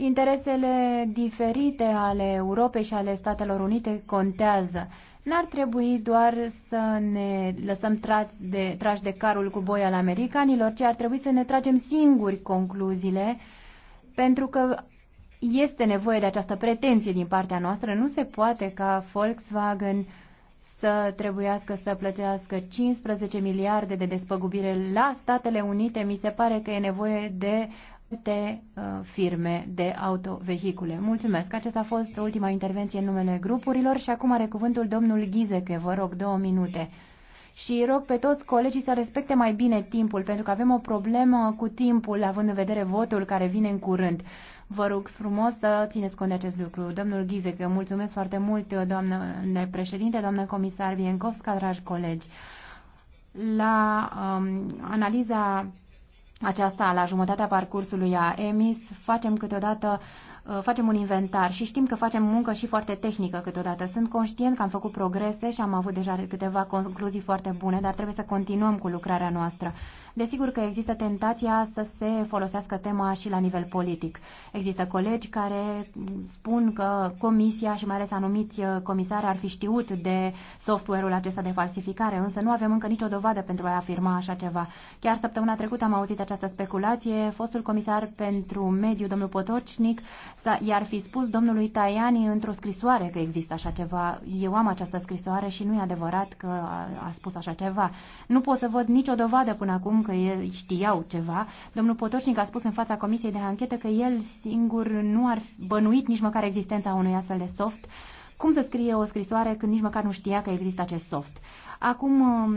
Speaker 1: Interesele diferite ale Europei și ale Statelor Unite contează. N-ar trebui doar să ne lăsăm trași de, trași de carul cu boi al americanilor, ci ar trebui să ne tragem singuri concluziile, pentru că este nevoie de această pretenție din partea noastră. Nu se poate ca Volkswagen să trebuiască să plătească 15 miliarde de despăgubire la Statele Unite. Mi se pare că e nevoie de de uh, firme de autovehicule. Mulțumesc. acesta a fost ultima intervenție în numele grupurilor și acum are cuvântul domnul Ghizeche. Vă rog, două minute. Și rog pe toți colegii să respecte mai bine timpul, pentru că avem o problemă cu timpul, având în vedere votul care vine în curând. Vă rog frumos să țineți cont de acest lucru. Domnul Ghizec, mulțumesc foarte mult, doamnă președinte, doamnă comisar Vienkovska, dragi colegi. La um, analiza aceasta la jumătatea parcursului a emis, facem câteodată uh, facem un inventar și știm că facem muncă și foarte tehnică câteodată. Sunt conștient că am făcut progrese și am avut deja câteva concluzii foarte bune, dar trebuie să continuăm cu lucrarea noastră. Desigur că există tentația să se folosească tema și la nivel politic. Există colegi care spun că comisia și mai ales anumiți comisari ar fi știut de software-ul acesta de falsificare, însă nu avem încă nicio dovadă pentru a afirma așa ceva. Chiar săptămâna trecută am auzit această speculație. Fostul comisar pentru mediu, domnul Potocnic, i-ar fi spus domnului Taiani într-o scrisoare că există așa ceva. Eu am această scrisoare și nu e adevărat că a, a spus așa ceva. Nu pot să văd nicio dovadă până acum că ei știau ceva. Domnul Potoșnic a spus în fața Comisiei de Anchetă că el singur nu ar bănuit nici măcar existența unui astfel de soft. Cum să scrie o scrisoare când nici măcar nu știa că există acest soft? Acum um,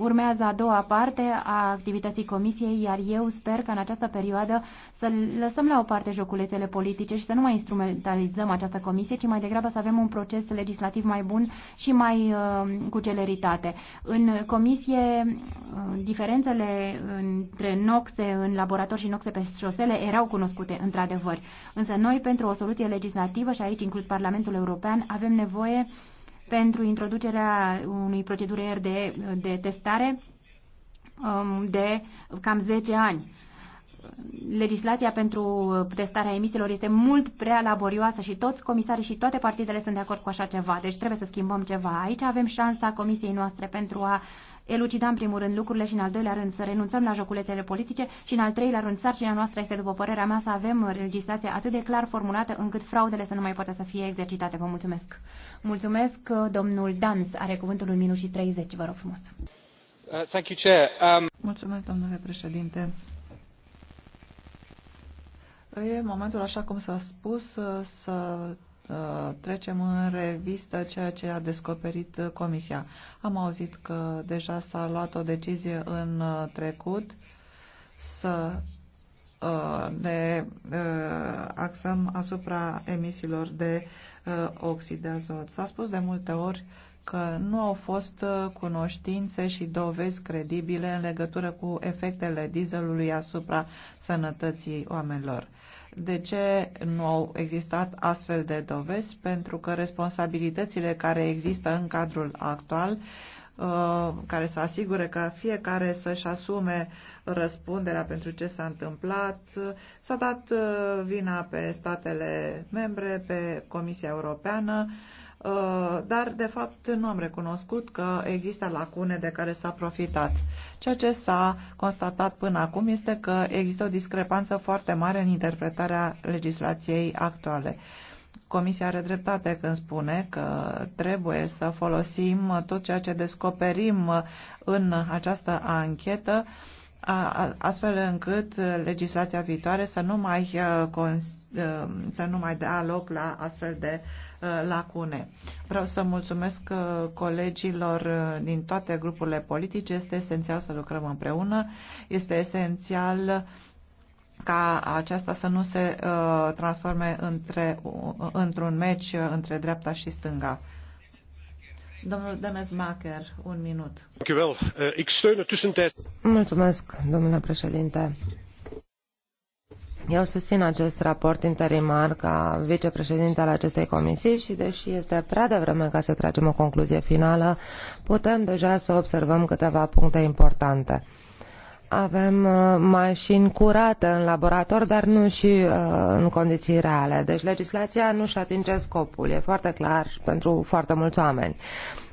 Speaker 1: urmează a doua parte a activității Comisiei, iar eu sper că în această perioadă să lăsăm la o parte joculețele politice și să nu mai instrumentalizăm această Comisie, ci mai degrabă să avem un proces legislativ mai bun și mai um, cu celeritate. În Comisie, um, diferențele între noxe în laborator și noxe pe șosele erau cunoscute, într-adevăr. Însă noi, pentru o soluție legislativă, și aici includ Parlamentul European, avem nevoie pentru introducerea unui procedură de de testare um, de cam 10 ani. Legislația pentru testarea emisiilor este mult prea laborioasă și toți comisarii și toate partidele sunt de acord cu așa ceva, deci trebuie să schimbăm ceva. Aici avem șansa comisiei noastre pentru a uh, Elucidăm primul rând lucrurile și în al doilea rând să renunțăm la joculețele politice și în al treilea rând sarcina noastră este, după părerea mea, să avem legislația atât de clar formulată încât fraudele să nu mai poată să fie exercitate. Vă mulțumesc. Mulțumesc, domnul Dans
Speaker 2: are cuvântul în minut și 30, vă rog frumos.
Speaker 4: Uh, thank you, Chair. Um...
Speaker 2: Mulțumesc, domnule președinte. E momentul, așa cum s-a spus, să Uh, trecem în revistă ceea ce a descoperit uh, Comisia. Am auzit că deja s-a luat o decizie în uh, trecut să ne axăm asupra emisiilor de oxid de azot. S-a spus de multe ori că nu au fost cunoștințe și dovezi credibile în legătură cu efectele dieselului asupra sănătății oamenilor. De ce nu au existat astfel de dovezi? Pentru că responsabilitățile care există în cadrul actual uh, care să asigure că fiecare să-și asume răspunderea pentru ce s-a întâmplat. S-a dat uh, vina pe statele membre, pe Comisia Europeană, uh, dar de fapt nu am recunoscut că există lacune de care s-a profitat. Ceea ce s-a constatat până acum este că există o discrepanță foarte mare în interpretarea legislației actuale. Comisia are dreptate când spune că trebuie să folosim tot ceea ce descoperim în această anchetă astfel încât legislația viitoare să nu mai, uh, uh, să nu mai dea loc la astfel de Uh, lacune. Vreau să mulțumesc uh, colegilor uh, din toate grupurile politice. Este esențial să lucrăm împreună. Este esențial ca aceasta să nu se transforme între, într-un meci între dreapta și stânga. Domnul
Speaker 3: Demesmacher, un minut.
Speaker 5: Er
Speaker 3: mulțumesc, domnule președinte. Eu susțin acest raport interimar ca vicepreședinte al acestei comisii și, deși este prea devreme ca să tragem o concluzie finală, putem deja să observăm câteva puncte importante. Avem uh, mașini curate în laborator, dar nu și uh, în condiții reale. Deci legislația nu și atinge scopul, e foarte clar pentru foarte mulți oameni.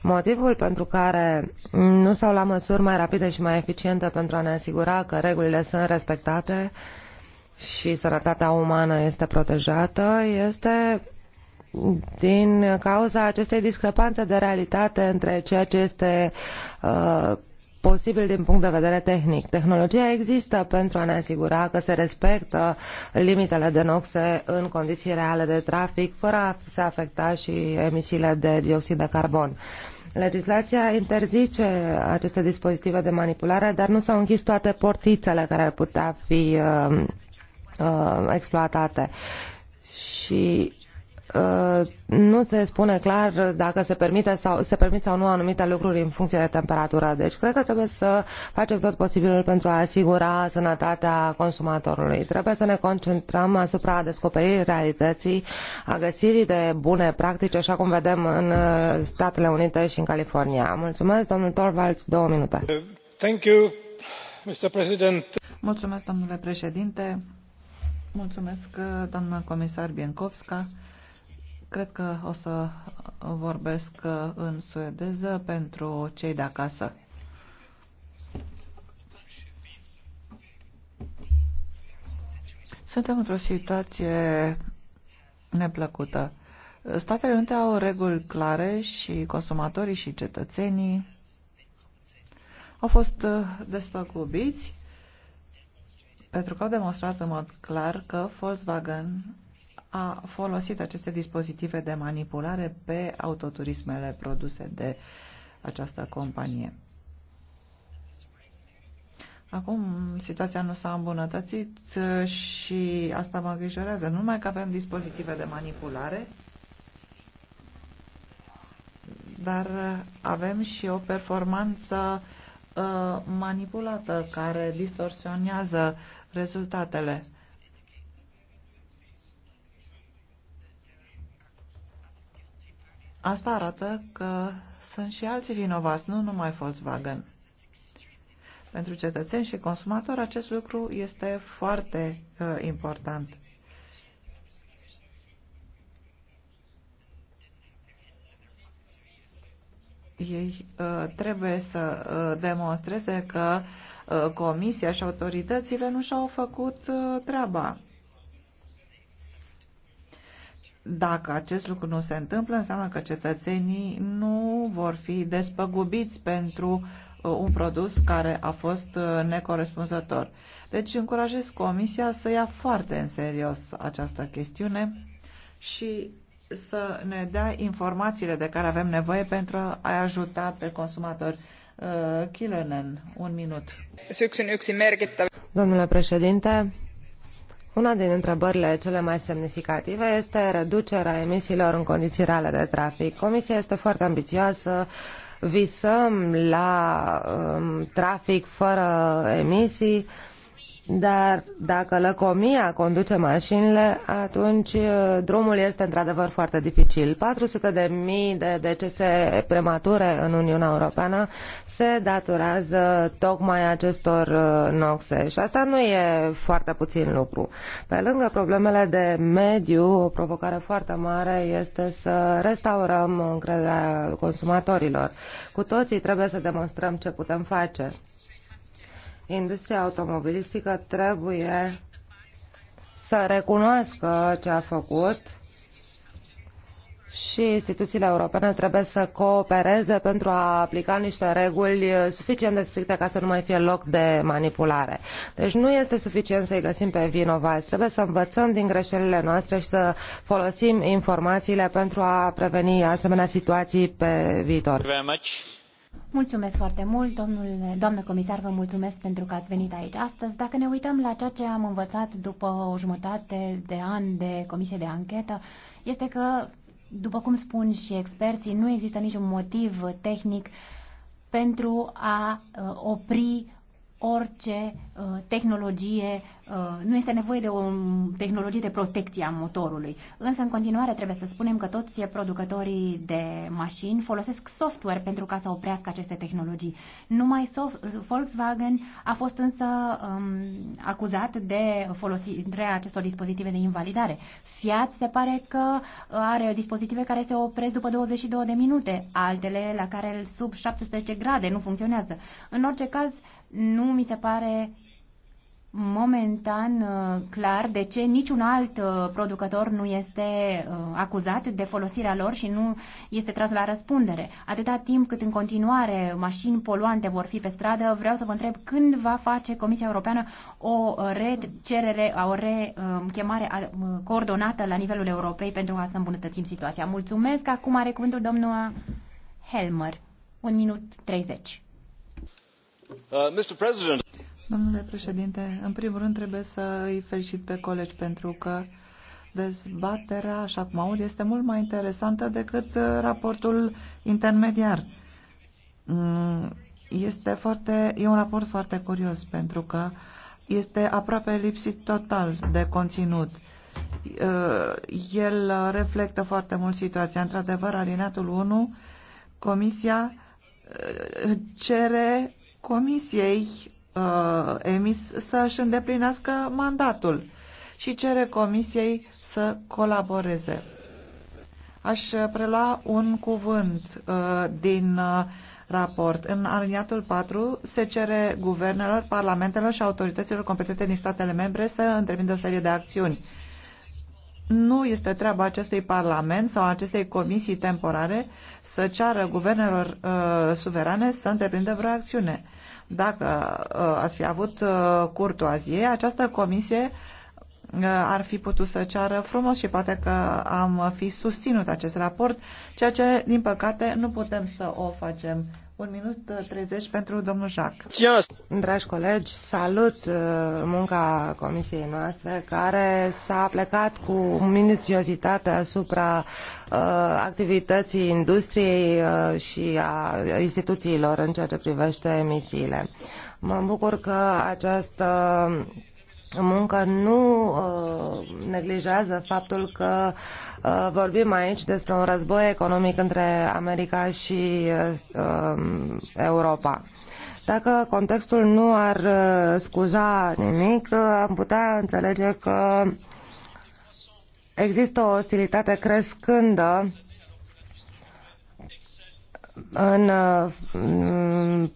Speaker 3: Motivul pentru care nu s-au luat măsuri mai rapide și mai eficiente pentru a ne asigura că regulile sunt respectate și sănătatea umană este protejată este din cauza acestei discrepanțe de realitate între ceea ce este uh, posibil din punct de vedere tehnic. Tehnologia există pentru a ne asigura că se respectă limitele de noxe în condiții reale de trafic, fără a se afecta și emisiile de dioxid de carbon. Legislația interzice aceste dispozitive de manipulare, dar nu s-au închis toate portițele care ar putea fi uh, uh, exploatate. Și uh, nu se spune clar dacă se permite, sau, se permit sau nu anumite lucruri în funcție de temperatură. Deci cred că trebuie să facem tot posibilul pentru a asigura sănătatea consumatorului. Trebuie să ne concentrăm asupra descoperirii realității, a găsirii de bune practici, așa cum vedem în uh, Statele Unite și în California. Mulțumesc, domnul Torvalds, două minute.
Speaker 2: Thank you, Mr. President. Mulțumesc, domnule președinte. Mulțumesc, uh, doamna comisar Biencovska. Cred că o să vorbesc uh, în suedeză pentru cei de acasă. Suntem într-o situație neplăcută. Statele Unite au reguli clare și consumatorii și cetățenii au fost uh, despăgubiți pentru că au demonstrat în mod clar că Volkswagen a folosit aceste dispozitive de manipulare pe autoturismele produse de această companie. Acum situația nu s-a îmbunătățit și asta mă îngrijorează. Nu numai că avem dispozitive de manipulare, dar avem și o performanță uh, manipulată care distorsionează uh, rezultatele. Asta arată că sunt și alții vinovați, nu numai Volkswagen. Pentru cetățeni și consumatori acest lucru este foarte uh, important. Ei uh, trebuie să uh, demonstreze că uh, Uh, comisia și autoritățile nu și-au făcut uh, treaba. Dacă acest lucru nu se întâmplă, înseamnă că cetățenii nu vor fi despăgubiți pentru uh, un produs care a fost necorespunzător. Deci încurajez Comisia să ia foarte în serios această chestiune și să ne dea informațiile de care avem nevoie pentru a ajuta pe consumatori. Uh, Kilonen, un minut.
Speaker 3: Domnule președinte, una din întrebările cele mai semnificative este reducerea emisiilor în condiții reale de trafic. Comisia este foarte ambițioasă, visăm la um, trafic fără emisii, uh, dar dacă lăcomia conduce mașinile, atunci uh, drumul este într-adevăr foarte dificil. 400 de mii de decese premature în Uniunea Europeană se datorează tocmai acestor uh, noxe și asta nu e foarte puțin lucru. Pe lângă problemele de mediu, o provocare foarte mare este să restaurăm încrederea consumatorilor. Cu toții trebuie să demonstrăm ce putem face industria automobilistică trebuie să recunoască ce a făcut și instituțiile europene trebuie să coopereze pentru a aplica niște reguli suficient de stricte ca să nu mai fie loc de manipulare. Deci nu este suficient să-i găsim pe vinovați, trebuie să învățăm din greșelile noastre și să folosim informațiile pentru a preveni asemenea situații pe viitor.
Speaker 6: Mulțumesc.
Speaker 1: Mulțumesc foarte mult, domnule, doamnă comisar, vă mulțumesc pentru că ați venit aici astăzi. Dacă ne uităm la ceea ce am învățat după o jumătate de an de comisie de anchetă, este că, după cum spun și experții, nu există niciun motiv tehnic pentru a uh, opri orice uh, tehnologie, uh, nu este nevoie de o tehnologie de protecție a motorului. Însă, în continuare, trebuie să spunem că toți producătorii de mașini folosesc software pentru ca să oprească aceste tehnologii. Numai soft, Volkswagen a fost însă um, acuzat de folosirea acestor dispozitive de invalidare. Fiat se pare că uh, are dispozitive care se opresc după 22 de minute, altele la care sub 17 grade nu funcționează. În orice caz, uh, nu mi se pare momentan uh, clar de ce niciun alt uh, producător nu este uh, acuzat de folosirea lor și nu este tras la răspundere. Atâta timp cât în continuare mașini poluante vor fi pe stradă, vreau să vă întreb când va face Comisia Europeană o recerere, o rechemare coordonată la nivelul Europei pentru a să îmbunătățim situația. Mulțumesc. Acum are cuvântul domnul Helmer.
Speaker 2: Un minut 30.
Speaker 1: Uh,
Speaker 2: Domnule președinte, în primul rând trebuie să îi felicit pe colegi pentru că dezbaterea, așa cum aud, este mult mai interesantă decât uh, raportul intermediar. Mm, este foarte, e un raport foarte curios pentru că este aproape lipsit total de conținut. Uh, el reflectă foarte mult situația. Într-adevăr, alineatul 1, Comisia cere Comisiei uh, emis să-și îndeplinească mandatul și cere Comisiei să colaboreze. Aș prelua un cuvânt uh, din uh, raport. În aliniatul 4 se cere guvernelor, parlamentelor și autorităților competente din statele membre să întreprindă o serie de acțiuni. Nu este treaba acestui Parlament sau acestei comisii temporare să ceară guvernelor uh, suverane să întreprindă vreo acțiune. Dacă uh, ați fi avut uh, curtoazie, această comisie uh, ar fi putut să ceară frumos și poate că am fi susținut acest raport, ceea ce, din păcate, nu putem să o facem
Speaker 3: un minut 30 uh, pentru domnul Jacques. Yes. Dragi colegi, salut uh, munca comisiei noastre care s-a plecat cu minuțiozitate asupra uh, activității industriei uh, și a instituțiilor în ceea ce privește emisiile. Mă bucur că această uh, muncă nu uh, neglijează faptul că uh, vorbim aici despre un război economic între America și uh, um, Europa. Dacă contextul nu ar uh, scuza nimic, uh, am putea înțelege că există o ostilitate crescândă în uh,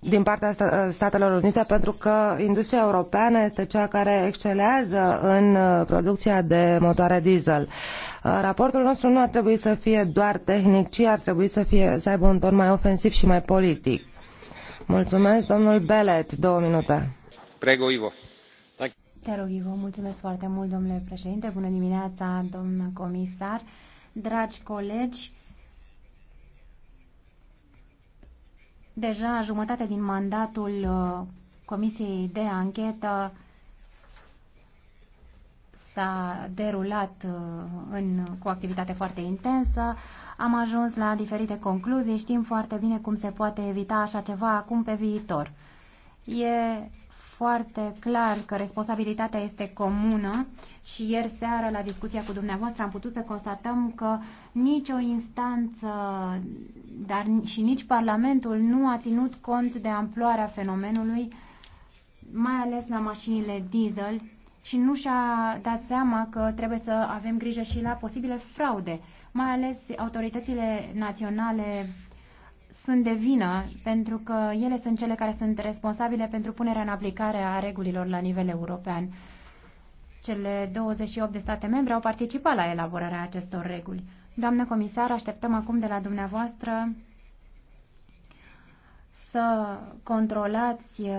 Speaker 3: din partea Statelor Unite pentru că industria europeană este cea care excelează în uh, producția de motoare diesel. Uh, raportul nostru nu ar trebui să fie doar tehnic, ci ar trebui să, fie, să aibă un ton mai ofensiv și mai politic. Mulțumesc, domnul Belet, două minute.
Speaker 4: Prego, Ivo.
Speaker 1: Te rog, Ivo, mulțumesc foarte mult, domnule președinte. Bună dimineața, domnul comisar, dragi colegi. deja jumătate din mandatul uh, Comisiei de Anchetă s-a derulat uh, în, cu activitate foarte intensă. Am ajuns la diferite concluzii, știm foarte bine cum se poate evita așa ceva acum pe viitor. E foarte clar că responsabilitatea este comună și ieri seară la discuția cu dumneavoastră am putut să constatăm că nicio instanță dar și nici Parlamentul nu a ținut cont de amploarea fenomenului, mai ales la mașinile diesel și nu și-a dat seama că trebuie să avem grijă și la posibile fraude, mai ales autoritățile naționale sunt de vină pentru că ele sunt cele care sunt responsabile pentru punerea în aplicare a regulilor la nivel european. Cele 28 de state membre au participat la elaborarea acestor reguli. Doamnă comisar, așteptăm acum de la dumneavoastră să controlați uh,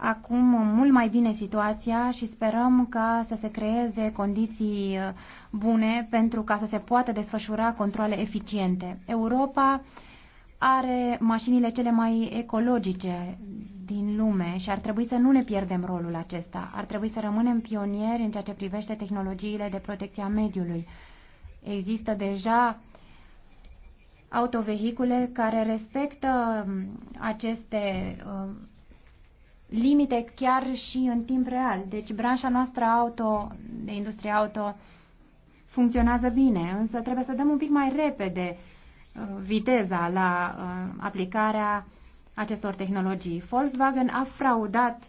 Speaker 1: acum mult mai bine situația și sperăm ca să se creeze condiții uh, bune pentru ca să se poată desfășura controle eficiente. Europa are mașinile cele mai ecologice din lume și ar trebui să nu ne pierdem rolul acesta. Ar trebui să rămânem pionieri în ceea ce privește tehnologiile de protecție a mediului. Există deja autovehicule care respectă um, aceste um, limite chiar și în timp real. Deci branșa noastră auto, de industrie auto, funcționează bine, însă trebuie să dăm un pic mai repede uh, viteza la uh, aplicarea acestor tehnologii. Volkswagen a fraudat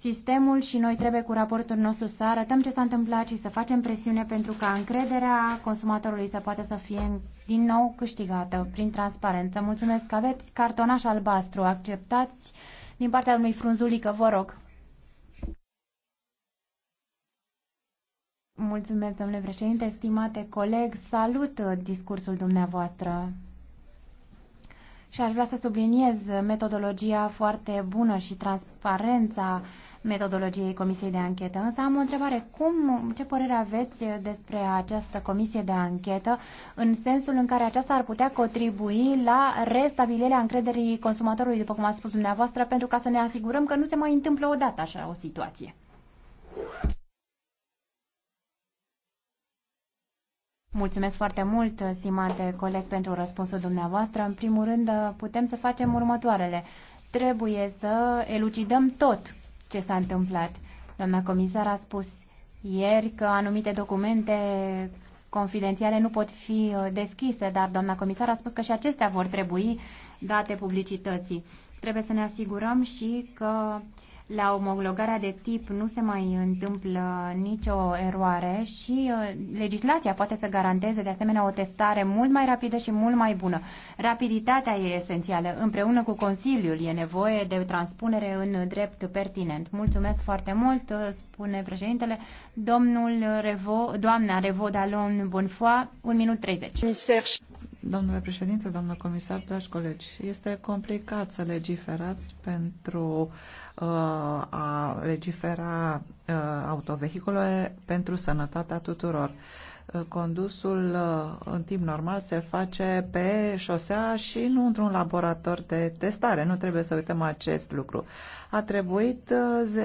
Speaker 1: sistemul și noi trebuie cu raportul nostru să arătăm ce s-a întâmplat și să facem presiune pentru ca încrederea consumatorului să poată să fie din nou câștigată prin transparență. Mulțumesc că aveți cartonaș albastru. Acceptați din partea lui Frunzulică, vă rog. Mulțumesc, domnule președinte, stimate coleg, salut discursul dumneavoastră și aș vrea să subliniez metodologia foarte bună și transparența metodologiei Comisiei de Anchetă. Însă am o întrebare. Cum, ce părere aveți despre această Comisie de Anchetă în sensul în care aceasta ar putea contribui la restabilirea încrederii consumatorului, după cum ați spus dumneavoastră, pentru ca să ne asigurăm că nu se mai întâmplă odată așa o situație? Mulțumesc foarte mult, stimate coleg, pentru răspunsul dumneavoastră. În primul rând, putem să facem următoarele. Trebuie să elucidăm tot ce s-a întâmplat. Doamna comisar a spus ieri că anumite documente confidențiale nu pot fi uh, deschise, dar doamna comisar a spus că și acestea vor trebui date publicității. Trebuie să ne asigurăm și că uh, la omologarea de tip nu se mai întâmplă nicio eroare și uh, legislația poate să garanteze de asemenea o testare mult mai rapidă și mult mai bună. Rapiditatea e esențială. Împreună cu Consiliul e nevoie de transpunere în drept pertinent. Mulțumesc foarte mult, uh, spune președintele. Domnul Revo, doamna Revo Dalon Bonfoa, un minut 30.
Speaker 2: Domnule președinte, domnule comisar, dragi colegi, este complicat să legiferați pentru Uh, a legifera uh, autovehicule pentru sănătatea tuturor. Uh, condusul în timp normal se face pe șosea și nu într-un laborator de testare. Nu trebuie să uităm acest lucru a trebuit uh,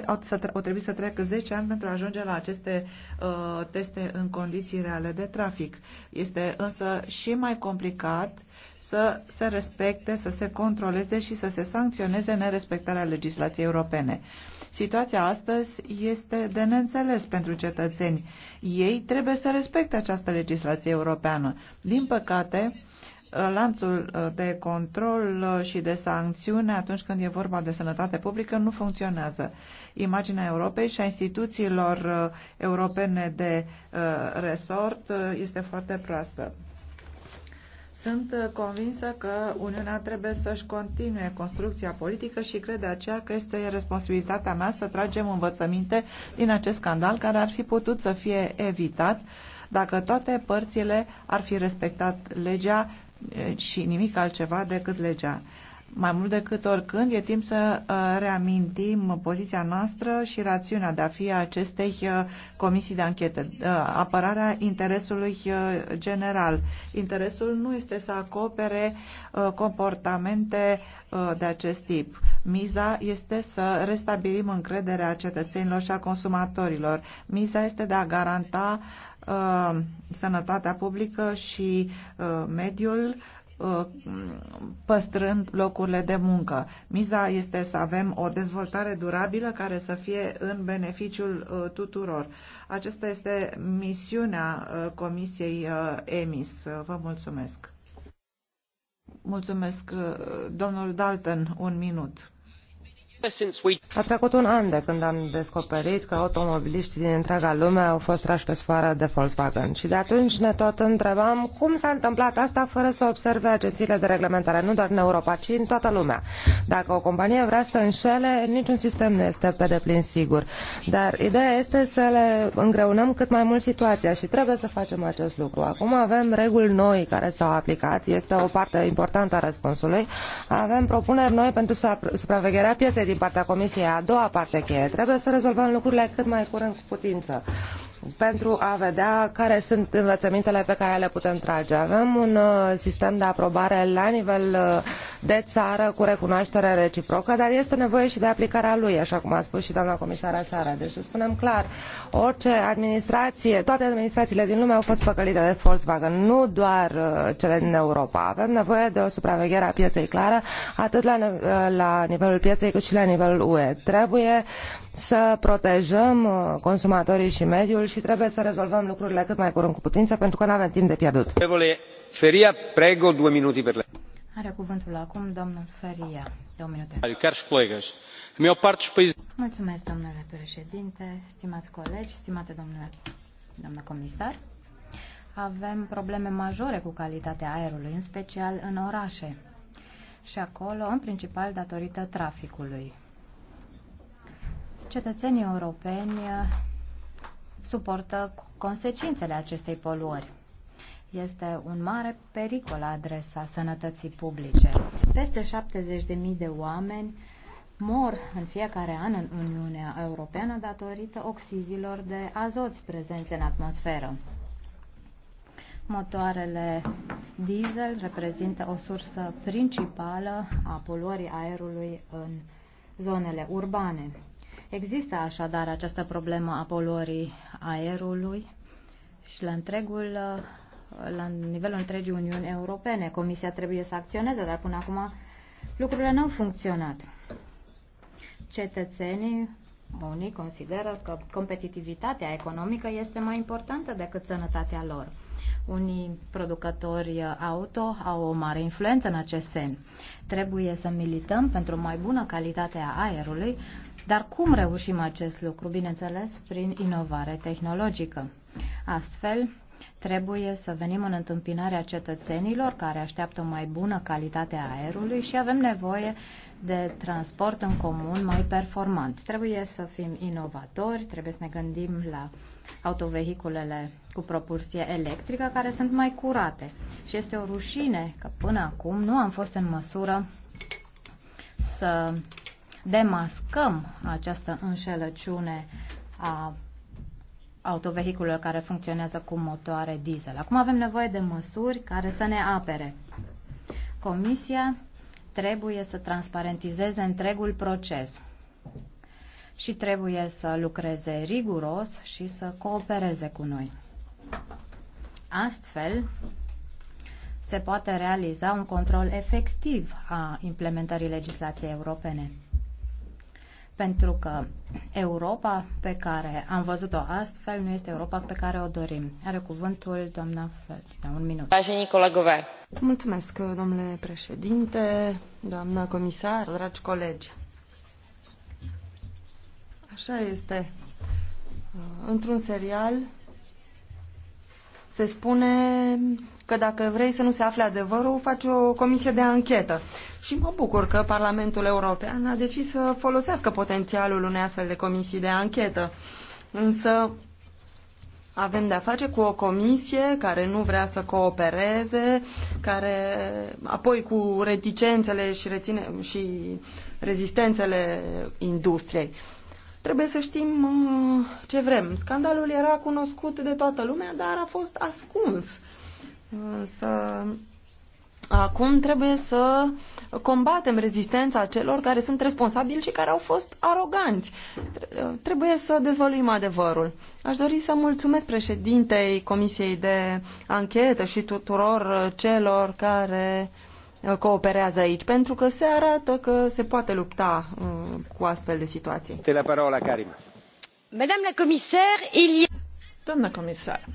Speaker 2: au trebuit să treacă 10 ani pentru a ajunge la aceste uh, teste în condiții reale de trafic. Este însă și mai complicat să se respecte, să se controleze și să se sancționeze nerespectarea legislației europene. Situația astăzi este de neînțeles pentru cetățeni. Ei trebuie să respecte această legislație europeană. Din păcate, lanțul uh, de control uh, și de sancțiune atunci când e vorba de sănătate publică nu funcționează. Imaginea Europei și a instituțiilor uh, europene de resort este foarte proastă. Sunt convinsă că Uniunea trebuie să-și continue construcția politică și cred de aceea că este responsabilitatea mea să tragem învățăminte din acest scandal care ar fi putut să fie evitat dacă toate părțile ar fi respectat legea și nimic altceva decât legea. Mai mult decât oricând, e timp să uh, reamintim poziția noastră și rațiunea de a fi acestei uh, comisii de anchetă. Uh, apărarea interesului general. Interesul nu este să acopere comportamente de acest tip. Miza este să restabilim încrederea cetățenilor și a consumatorilor. Miza este de a garanta uh, Uh, sănătatea publică și uh, mediul uh, păstrând locurile de muncă. Miza este să avem o dezvoltare durabilă care să fie în beneficiul tuturor. Aceasta este misiunea Comisiei EMIS. Vă mulțumesc.
Speaker 3: Mulțumesc, domnul Dalton, un minut. A trecut un an de când am descoperit că automobiliștii din întreaga lume au fost trași pe sfoară de Volkswagen și de atunci ne tot întrebam cum s-a întâmplat asta fără să observe agențiile de reglementare, nu doar în Europa, ci în toată lumea. Dacă o companie vrea să înșele, niciun sistem nu este pe deplin sigur. Dar ideea este să le îngreunăm cât mai mult situația și trebuie să facem acest lucru. Acum avem reguli noi care s-au aplicat, este o parte importantă a răspunsului. Avem propuneri noi pentru supravegherea pieței din partea Comisiei, a doua parte cheie. Trebuie să rezolvăm lucrurile cât mai curând cu putință pentru a vedea care sunt învățămintele pe care le putem trage. Avem un uh, sistem de aprobare la nivel uh, de țară cu recunoaștere reciprocă, dar este nevoie și de aplicarea lui, așa cum a spus și doamna Comisar Sara. Deci să spunem clar, orice administrație, toate administrațiile din lume au fost păcălite de Volkswagen, nu doar uh, cele din Europa. Avem nevoie de o supraveghere a pieței clară, atât la, la nivelul pieței cât și la nivelul UE. Trebuie să protejăm uh, consumatorii și mediul și trebuie să rezolvăm lucrurile cât mai curând cu putință pentru că nu avem timp de pierdut.
Speaker 4: Feria, două minute
Speaker 5: Are cuvântul acum domnul Feria. Mulțumesc, domnule președinte, stimați colegi, stimate domnule, doamnă comisar. Avem probleme majore cu calitatea aerului, în special în orașe. Și acolo, în principal, datorită traficului cetățenii europeni uh, suportă consecințele acestei poluări. Este un mare pericol la adresa sănătății publice. Peste 70.000 de oameni mor în fiecare an în Uniunea Europeană datorită oxizilor de azoți prezenți în atmosferă. Motoarele diesel reprezintă o sursă principală a poluării aerului în zonele urbane. Există așadar această problemă a poluării aerului și la întregul la nivelul întregii Uniuni Europene. Comisia trebuie să acționeze, dar până acum lucrurile nu au funcționat. Cetățenii, unii consideră că competitivitatea economică este mai importantă decât sănătatea lor. Unii producători uh, auto au o mare influență în acest sen. Trebuie să milităm pentru o mai bună calitate a aerului, dar cum reușim acest lucru? Bineînțeles, prin inovare tehnologică. Astfel, trebuie să venim în întâmpinarea cetățenilor care așteaptă o mai bună calitate a aerului și avem nevoie de transport în comun mai performant. Trebuie să fim inovatori, trebuie să ne gândim la autovehiculele cu propulsie electrică care sunt mai curate. Și este o rușine că până acum nu am fost în măsură să demascăm această înșelăciune a autovehiculelor care funcționează cu motoare diesel. Acum avem nevoie de măsuri care să ne apere. Comisia trebuie să transparentizeze întregul proces și trebuie să lucreze riguros și să coopereze cu noi. Astfel, se poate realiza un control efectiv a implementării legislației europene. Pentru că Europa pe care am văzut-o astfel nu este Europa pe care o dorim. Are cuvântul doamna Felda. Da, un minut. Mulțumesc, domnule președinte, doamna comisar, dragi colegi.
Speaker 7: Așa este. Într-un serial se spune că dacă vrei să nu se afle adevărul, faci o comisie de anchetă. Și mă bucur că Parlamentul European a decis să folosească potențialul unei astfel de comisii de anchetă. Însă avem de-a face cu o comisie care nu vrea să coopereze, care apoi cu reticențele și, reține, și rezistențele industriei. Trebuie să știm uh, ce vrem. Scandalul era cunoscut de toată lumea, dar a fost ascuns. Însă acum trebuie să combatem rezistența celor care sunt responsabili și care au fost aroganți. Trebuie să dezvăluim adevărul. Aș dori să mulțumesc președintei Comisiei de Anchetă și tuturor celor care cooperează aici, pentru că se arată că se poate lupta
Speaker 6: uh, cu astfel de situații.
Speaker 4: Te la parola, Karim.
Speaker 6: Madame la comisar, il Doamna comisar,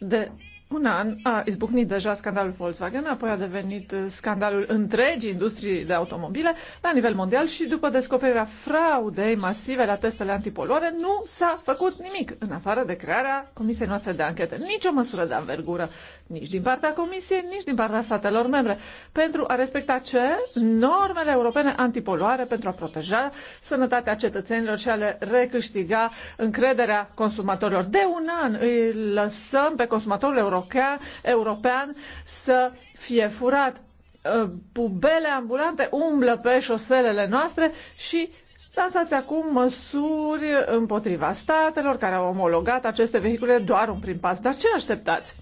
Speaker 6: de un an a izbucnit deja scandalul Volkswagen, apoi a devenit scandalul întregii industriei de automobile la nivel mondial și după descoperirea fraudei masive la testele antipoluare nu s-a făcut nimic în afară de crearea Comisiei noastre de anchetă. Nici o măsură de anvergură, nici din partea Comisiei, nici din partea statelor membre, pentru a respecta ce? Normele europene antipoluare pentru a proteja sănătatea cetățenilor și a le recâștiga încrederea consumatorilor. De un an îi lăsăm pe consumatorul european european să fie furat. Bubele ă, ambulante umblă pe șoselele noastre și lansați acum măsuri împotriva statelor care au omologat aceste vehicule doar un prim pas. Dar ce așteptați?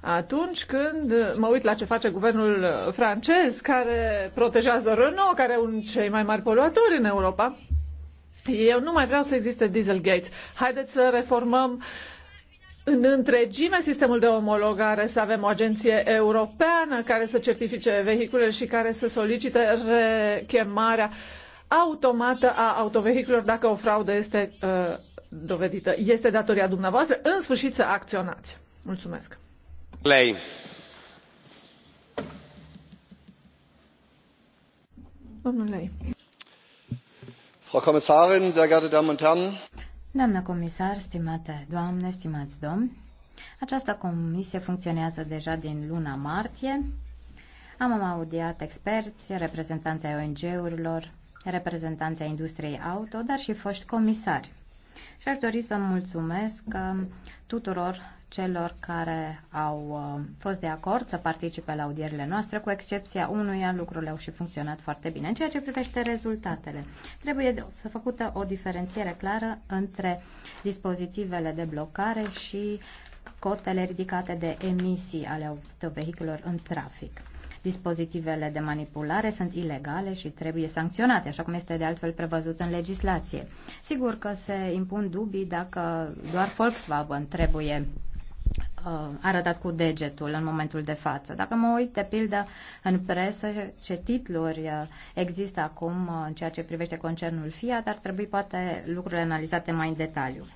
Speaker 6: Atunci când mă uit la ce face guvernul francez, care protejează Renault, care e unul cei mai mari poluatori în Europa, eu nu mai vreau să existe Dieselgate. Haideți să reformăm uh, în întregime sistemul de omologare, să avem o agenție europeană care să certifice vehiculele și care să solicite rechemarea automată a autovehiculelor dacă o fraudă este uh, dovedită. Este datoria dumneavoastră, în sfârșit, să acționați. Mulțumesc. Play. Domnul Lei.
Speaker 1: Frau Kommissarin, sehr geehrte Damen und Herren.
Speaker 5: Doamnă comisar, stimate doamne, stimați domni, această comisie funcționează deja din luna martie. Am audiat experți, reprezentanții ONG-urilor, reprezentanții industriei auto, dar și foști comisari. Și aș dori să mulțumesc um, tuturor celor care au uh, fost de acord să participe la audierile noastre, cu excepția unuia, lucrurile au și funcționat foarte bine. În ceea ce privește rezultatele, trebuie să făcută o diferențiere clară între dispozitivele de blocare și cotele ridicate de emisii ale autovehiculor în trafic. Dispozitivele de manipulare sunt ilegale și trebuie sancționate, așa cum este de altfel prevăzut în legislație. Sigur că se impun dubii dacă doar Volkswagen trebuie Uh, arătat cu degetul în momentul de față. Dacă mă uit, de pildă, în presă, ce titluri uh, există acum uh, în ceea ce privește concernul Fiat, ar trebui poate lucrurile analizate mai în detaliu.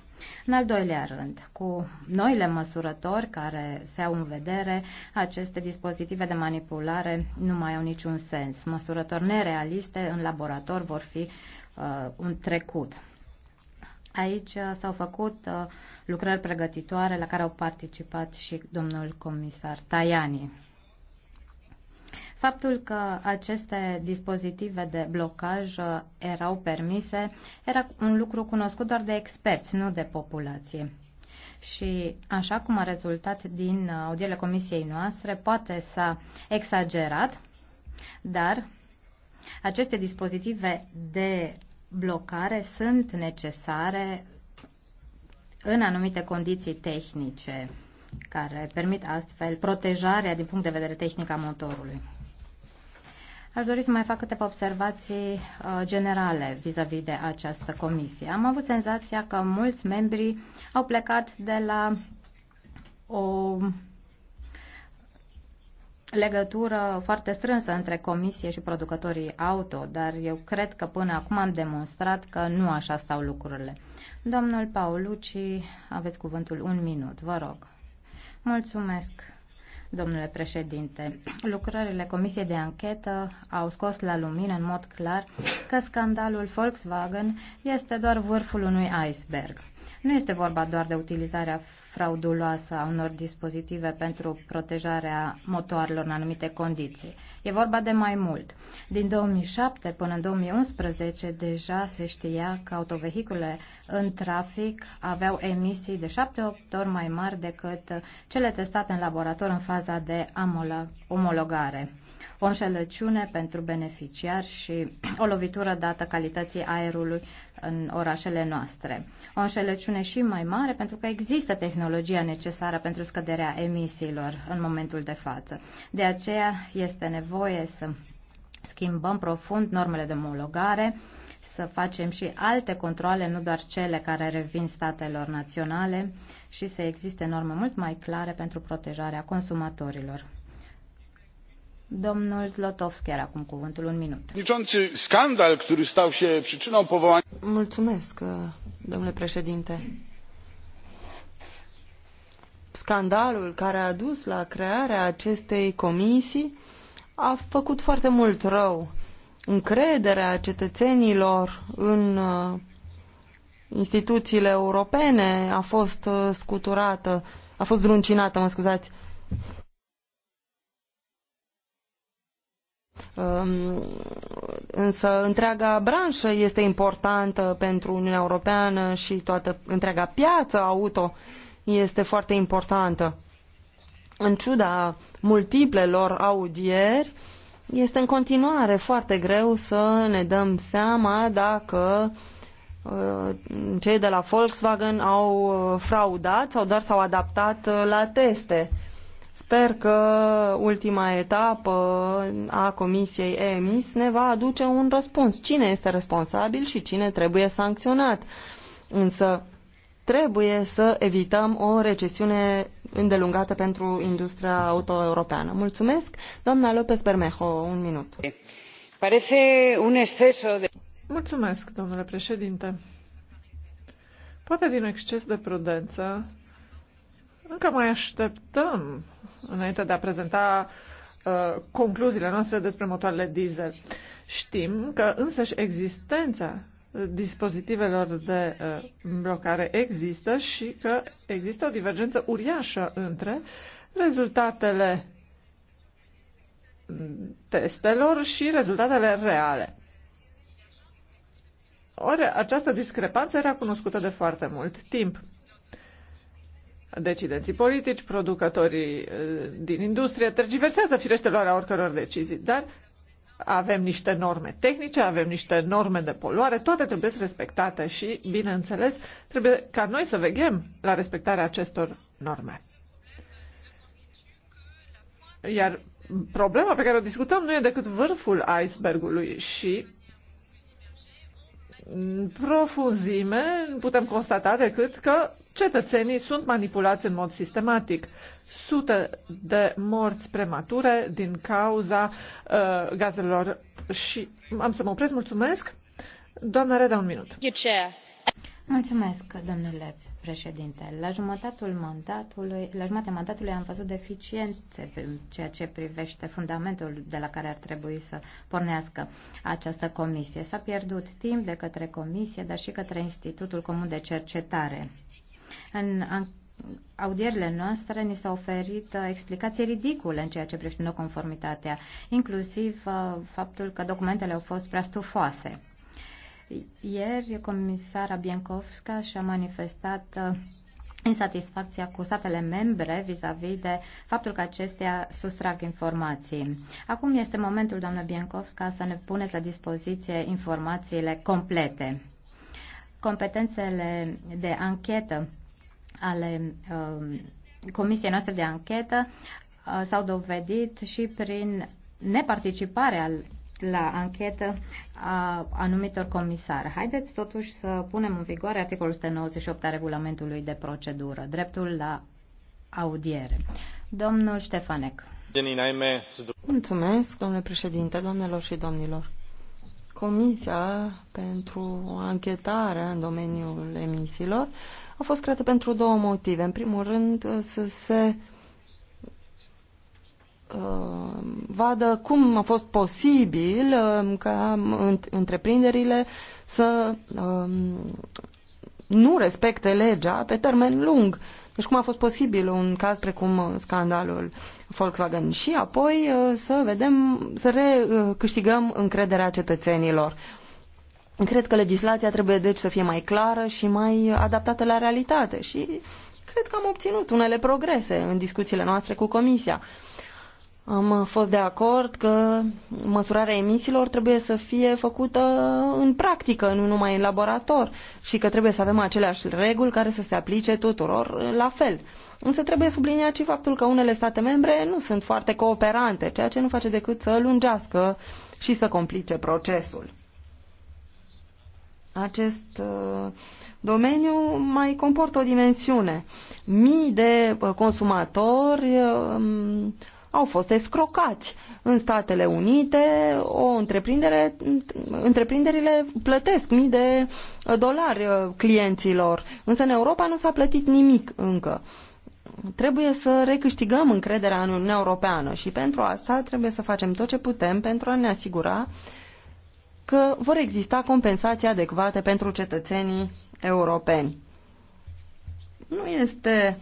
Speaker 5: În al doilea rând, cu noile măsurători care se au în vedere, aceste dispozitive de manipulare nu mai au niciun sens. Măsurători nerealiste în laborator vor fi uh, un trecut. Aici uh, s-au făcut uh, lucrări pregătitoare la care au participat și domnul comisar Tajani. Faptul că aceste dispozitive de blocaj uh, erau permise era un lucru cunoscut doar de experți, nu de populație. Și așa cum a rezultat din audierile comisiei noastre, poate s-a exagerat, dar aceste dispozitive de blocare sunt necesare în anumite condiții tehnice care permit astfel protejarea din punct de vedere tehnic a motorului. Aș dori să mai fac câteva observații uh, generale vis-a-vis -vis de această comisie. Am avut senzația că mulți membri au plecat de la o legătură foarte strânsă între comisie și producătorii auto, dar eu cred că până acum am demonstrat că nu așa stau lucrurile. Domnul Paulucci, aveți cuvântul un minut, vă rog. Mulțumesc, domnule președinte. Lucrările comisiei de anchetă au scos la lumină în mod clar că scandalul Volkswagen este doar vârful unui iceberg. Nu este vorba doar de utilizarea frauduloasă a unor dispozitive pentru protejarea motoarelor în anumite condiții. E vorba de mai mult. Din 2007 până în 2011 deja se știa că autovehicule în trafic aveau emisii de 7-8 ori mai mari decât cele testate în laborator în faza de omologare o înșelăciune pentru beneficiari și o lovitură dată calității aerului în orașele noastre. O înșelăciune și mai mare pentru că există tehnologia necesară pentru scăderea emisiilor în momentul de față. De aceea este nevoie să schimbăm profund normele de omologare, să facem și alte controle, nu doar cele care revin statelor naționale și să existe norme mult mai clare pentru protejarea consumatorilor. Domnul Zlotowski are acum cuvântul un minut.
Speaker 4: Scandal, który stał się przyczyną powołania...
Speaker 5: Mulțumesc, uh, domnule președinte.
Speaker 7: Scandalul care a dus la crearea acestei comisii a făcut foarte mult rău. Încrederea cetățenilor în uh, instituțiile europene a fost uh, scuturată, a fost druncinată, mă scuzați. Um, însă întreaga branșă este importantă pentru Uniunea Europeană și toată întreaga piață auto este foarte importantă. În ciuda multiplelor audieri, este în continuare foarte greu să ne dăm seama dacă uh, cei de la Volkswagen au fraudat sau doar s-au adaptat uh, la teste Sper că ultima etapă a Comisiei EMIS ne va aduce un răspuns. Cine este responsabil și cine trebuie sancționat? Însă trebuie să evităm o recesiune îndelungată pentru industria auto-europeană. Mulțumesc.
Speaker 6: Doamna López Bermejo, un minut. Parece un de... Mulțumesc, domnule președinte. Poate din exces de prudență, încă mai așteptăm înainte de a prezenta uh, concluziile noastre despre motoarele diesel. Știm că însăși existența dispozitivelor de uh, blocare există și că există o divergență uriașă între rezultatele testelor și rezultatele reale. Ori această discrepanță era cunoscută de foarte mult timp decidenții politici, producătorii eh, din industrie, tergiversează firește luarea oricăror decizii, dar avem niște norme tehnice, avem niște norme de poluare, toate trebuie să respectate și, bineînțeles, trebuie ca noi să veghem la respectarea acestor norme. Iar problema pe care o discutăm nu e decât vârful icebergului și în profunzime putem constata decât că Cetățenii sunt manipulați în mod sistematic. Sute de morți premature din cauza uh, gazelor și am să mă opresc. Mulțumesc. Doamna Reda, un minut. Mulțumesc, domnule președinte. La
Speaker 5: jumătatea mandatului, la jumătatea mandatului am văzut deficiențe în ceea ce privește fundamentul de la care ar trebui să pornească această comisie. S-a pierdut timp de către comisie, dar și către Institutul Comun de Cercetare. În audierile noastre ni s-au oferit uh, explicații ridicule în ceea ce privește conformitatea, inclusiv uh, faptul că documentele au fost prea stufoase. Ieri, comisara Biencovska și-a manifestat uh, insatisfacția cu statele membre vis-a-vis -vis de faptul că acestea sustrag informații. Acum este momentul, doamnă Biencovska, să ne puneți la dispoziție informațiile complete. Competențele de anchetă ale um, comisiei noastre de anchetă uh, s-au dovedit și prin neparticiparea la anchetă a anumitor comisari. Haideți totuși să punem în vigoare articolul 198 a regulamentului de procedură, dreptul la audiere. Domnul Ștefanec.
Speaker 7: Mulțumesc, domnule președinte, doamnelor și domnilor Comisia pentru anchetarea în domeniul emisiilor a fost creată pentru două motive. În primul rând, uh, să se uh, vadă cum a fost posibil uh, ca întreprinderile să uh, nu respecte legea pe termen lung. Deci cum a fost posibil un caz precum scandalul Volkswagen și apoi uh, să vedem, să recâștigăm încrederea cetățenilor. Cred că legislația trebuie deci să fie mai clară și mai adaptată la realitate și cred că am obținut unele progrese în discuțiile noastre cu Comisia am uh, fost de acord că măsurarea emisiilor trebuie să fie făcută în practică, nu numai în laborator și că trebuie să avem aceleași reguli care să se aplice tuturor la fel. Însă trebuie subliniat și faptul că unele state membre nu sunt foarte cooperante, ceea ce nu face decât să lungească și să complice procesul. Acest uh, domeniu mai comportă o dimensiune. Mii de uh, consumatori au fost escrocați. În Statele Unite, o întreprindere, întreprinderile plătesc mii de dolari uh, clienților, însă în Europa nu s-a plătit nimic încă. Trebuie să recâștigăm încrederea în Uniunea Europeană și pentru asta trebuie să facem tot ce putem pentru a ne asigura că vor exista compensații adecvate pentru cetățenii europeni. Nu este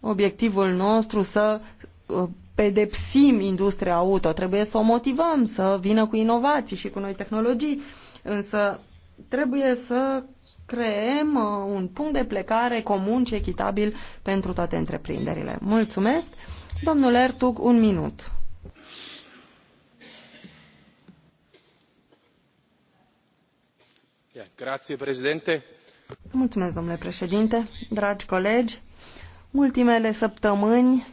Speaker 7: obiectivul nostru să uh, pedepsim industria auto, trebuie să o motivăm să vină cu inovații și cu noi tehnologii, însă trebuie să creăm uh, un punct de plecare comun și echitabil pentru toate întreprinderile. Mulțumesc. Domnul Ertug, un minut. Grazie, președinte. Mulțumesc, domnule președinte, dragi colegi. Ultimele săptămâni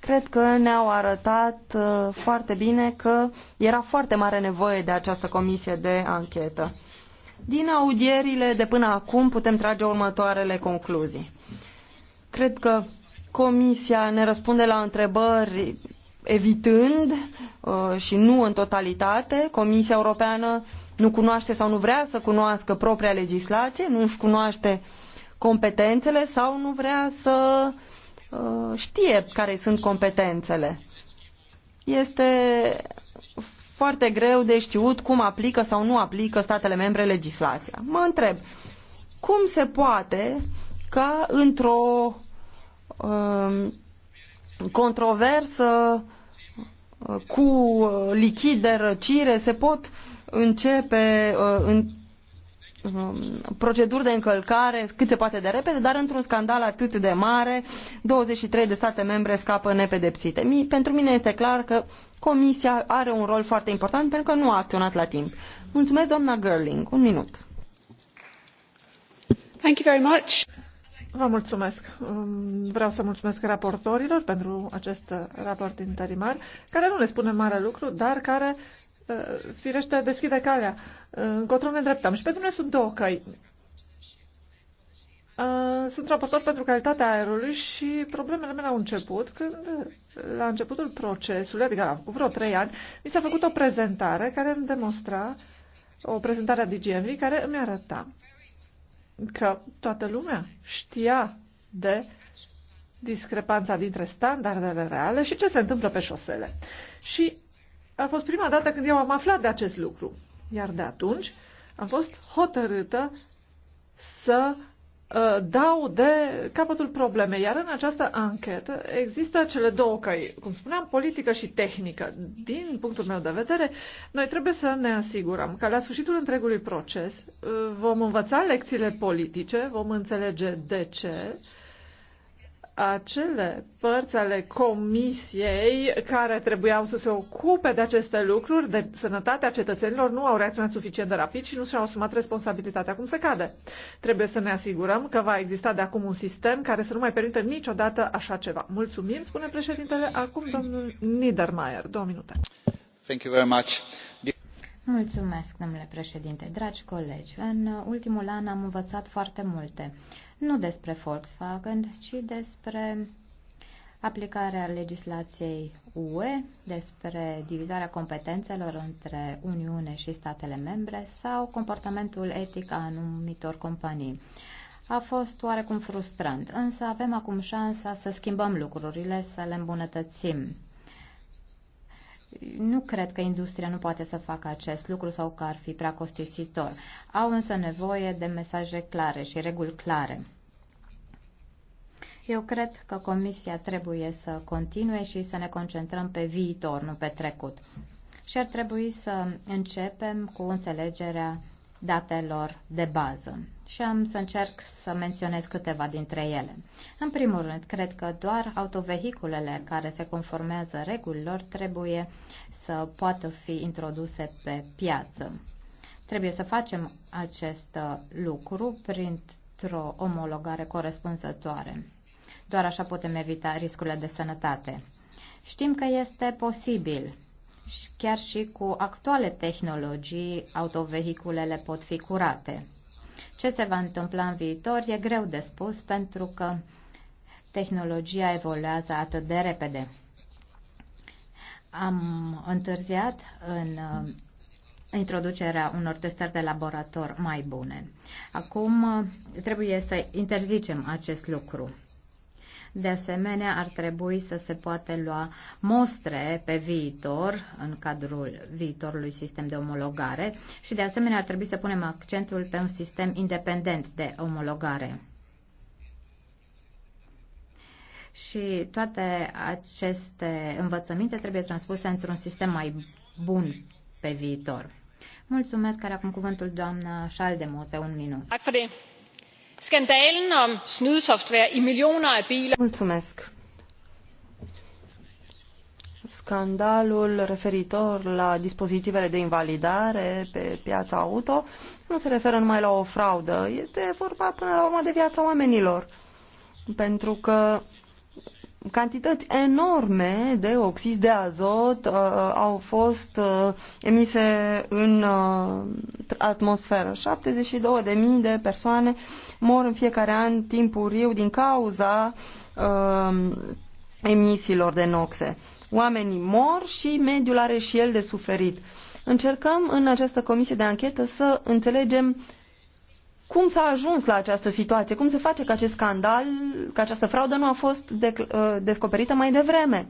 Speaker 7: cred că ne-au arătat uh, foarte bine că era foarte mare nevoie de această comisie de anchetă. Din audierile de până acum putem trage următoarele concluzii. Cred că comisia ne răspunde la întrebări evitând uh, și nu în totalitate. Comisia Europeană nu cunoaște sau nu vrea să cunoască propria legislație, nu își cunoaște competențele sau nu vrea să Uh, știe care sunt competențele. Este foarte greu de știut cum aplică sau nu aplică statele membre legislația. Mă întreb, cum se poate ca într-o um, controversă uh, cu uh, lichid de răcire se pot începe uh, Um, proceduri de încălcare cât se poate de repede, dar într-un scandal atât de mare, 23 de state membre scapă nepedepsite. pentru mine este clar că Comisia are un rol foarte important pentru că nu a acționat la timp. Mulțumesc, doamna Gerling. Un minut.
Speaker 6: Thank you very much. Vă mulțumesc. Um, vreau să mulțumesc raportorilor pentru acest raport interimar, care nu ne spune mare lucru, dar care Eh, firește, deschide calea. Eh, încotro ne dreptăm. Și pentru noi sunt două căi. Eh, sunt raportor pentru calitatea aerului și problemele mele au început când, la începutul procesului, adică cu vreo trei ani, mi s-a făcut o prezentare care îmi demonstra, o prezentare a DGMV, care îmi arăta că toată lumea știa de discrepanța dintre standardele reale și ce se întâmplă pe șosele. Și a fost prima dată când eu am aflat de acest lucru. Iar de atunci am fost hotărâtă să uh, dau de capătul problemei. Iar în această anchetă există cele două căi, cum spuneam, politică și tehnică. Din punctul meu de vedere, noi trebuie să ne asigurăm că la sfârșitul întregului proces uh, vom învăța lecțiile politice, vom înțelege de ce uh, acele părți ale comisiei care trebuiau să se ocupe de aceste lucruri, de sănătatea cetățenilor, nu au reacționat suficient de rapid și nu și-au asumat responsabilitatea cum se cade. Trebuie să ne asigurăm că va exista de acum un sistem care să nu mai permită niciodată așa ceva. Mulțumim, spune președintele. Acum domnul Niedermayer. Două minute.
Speaker 2: Thank you very much.
Speaker 5: Mulțumesc, domnule președinte. Dragi colegi, în ultimul an am învățat foarte multe nu despre Volkswagen, ci despre aplicarea legislației UE, despre divizarea competențelor între Uniune și statele membre sau comportamentul etic a anumitor companii. A fost oarecum frustrant, însă avem acum șansa să schimbăm lucrurile, să le îmbunătățim nu cred că industria nu poate să facă acest lucru sau că ar fi prea costisitor. Au însă nevoie de mesaje clare și reguli clare. Eu cred că Comisia trebuie să continue și să ne concentrăm pe viitor, nu pe trecut. Și ar trebui să începem cu înțelegerea datelor de bază și am să încerc să menționez câteva dintre ele. În primul rând, cred că doar autovehiculele care se conformează regulilor trebuie să poată fi introduse pe piață. Trebuie să facem acest uh, lucru printr-o omologare corespunzătoare. Doar așa putem evita riscurile de sănătate. Știm că este posibil și chiar și cu actuale tehnologii, autovehiculele pot fi curate. Ce se va întâmpla în viitor e greu de spus pentru că tehnologia evoluează atât de repede. Am întârziat în uh, introducerea unor testări de laborator mai bune. Acum uh, trebuie să interzicem acest lucru. De asemenea, ar trebui să se poate lua mostre pe viitor, în cadrul viitorului sistem de omologare și, de asemenea, ar trebui să punem accentul pe un sistem independent de omologare. Și toate aceste învățăminte trebuie transpuse într-un sistem mai bun pe viitor. Mulțumesc, care acum cuvântul doamna Șaldemoze, un minut. Skandalen om snydesoftware i millioner af biler. Mulțumesc.
Speaker 7: Scandalul referitor la dispozitivele de invalidare pe piața auto nu se referă numai la o fraudă, este vorba până la urmă de viața oamenilor. Pentru că cantități enorme de oxizi de azot uh, uh, au fost uh, emise în uh, atmosferă. 72.000 de persoane mor în fiecare an timpuriu din cauza uh, emisiilor de noxe. Oamenii mor și mediul are și el de suferit. Încercăm în această comisie de anchetă să înțelegem cum s-a ajuns la această situație? Cum se face că acest scandal, că această fraudă nu a fost de, uh, ă, descoperită mai devreme?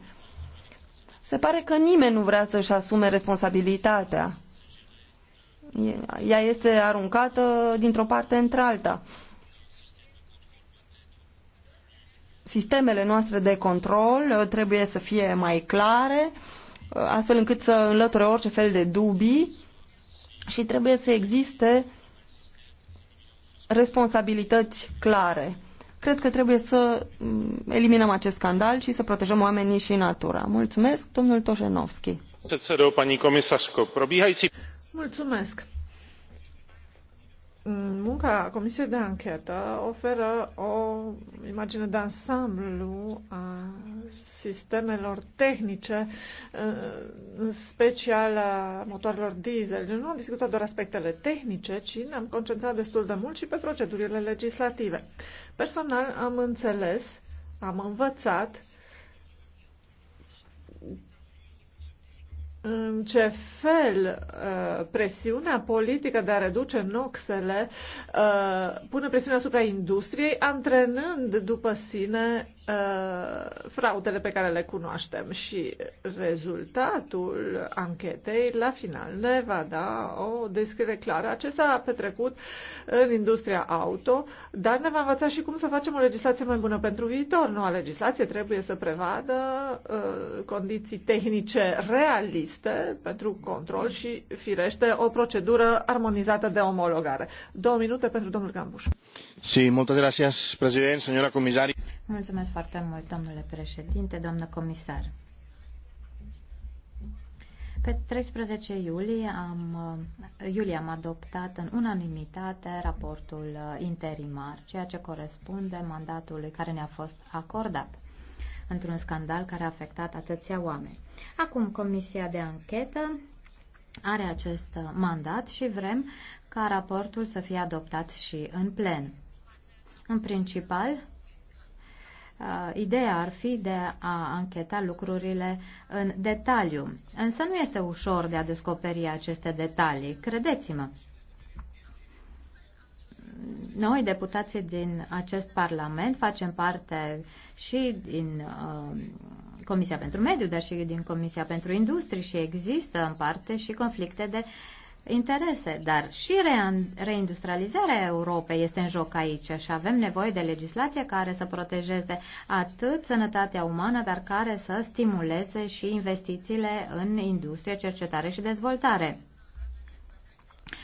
Speaker 7: Se pare că nimeni nu vrea să-și asume responsabilitatea. Ea este aruncată dintr-o parte într-alta. Sistemele noastre de control ă, trebuie să fie mai clare, ă, astfel încât să înlăture orice fel de dubii și trebuie să existe responsabilități clare. Cred că trebuie să mm, eliminăm acest scandal și să protejăm oamenii și natura. Mulțumesc, domnul Toșenovski.
Speaker 6: Mulțumesc. Munca Comisiei de Anchetă oferă o imagine de ansamblu a sistemelor tehnice, uh, în special a motoarelor diesel. Eu nu am discutat doar aspectele tehnice, ci ne-am concentrat destul de mult și pe procedurile legislative. Personal am înțeles, am învățat în ce fel uh, presiunea politică de a reduce noxele uh, pune presiunea asupra industriei, antrenând după sine uh, fraudele pe care le cunoaștem. Și rezultatul anchetei, la final, ne va da o descriere clară. Acesta a petrecut în industria auto, dar ne va învăța și cum să facem o legislație mai bună pentru viitor. Noua legislație trebuie să prevadă uh, condiții tehnice realiste liste pentru control și, firește, o procedură armonizată de omologare. Două minute pentru domnul Gambuș.
Speaker 4: Sí, muchas gracias, president, señora comisari.
Speaker 5: Mulțumesc foarte mult, domnule președinte, doamnă comisar. Pe 13 iulie am, iulie am adoptat în unanimitate raportul interimar, ceea ce corespunde mandatului care ne-a fost acordat într-un scandal care a afectat atâția oameni. Acum, Comisia de Anchetă are acest uh, mandat și vrem ca raportul să fie adoptat și în plen. În principal, uh, ideea ar fi de a ancheta lucrurile în detaliu. Însă nu este ușor de a descoperi aceste detalii, credeți-mă noi, deputații din acest Parlament, facem parte și din uh, Comisia pentru Mediu, dar și din Comisia pentru Industrie și există în parte și conflicte de interese, dar și re- reindustrializarea Europei este în joc aici și avem nevoie de legislație care să protejeze atât sănătatea umană, dar care să stimuleze și investițiile în industrie, cercetare și dezvoltare.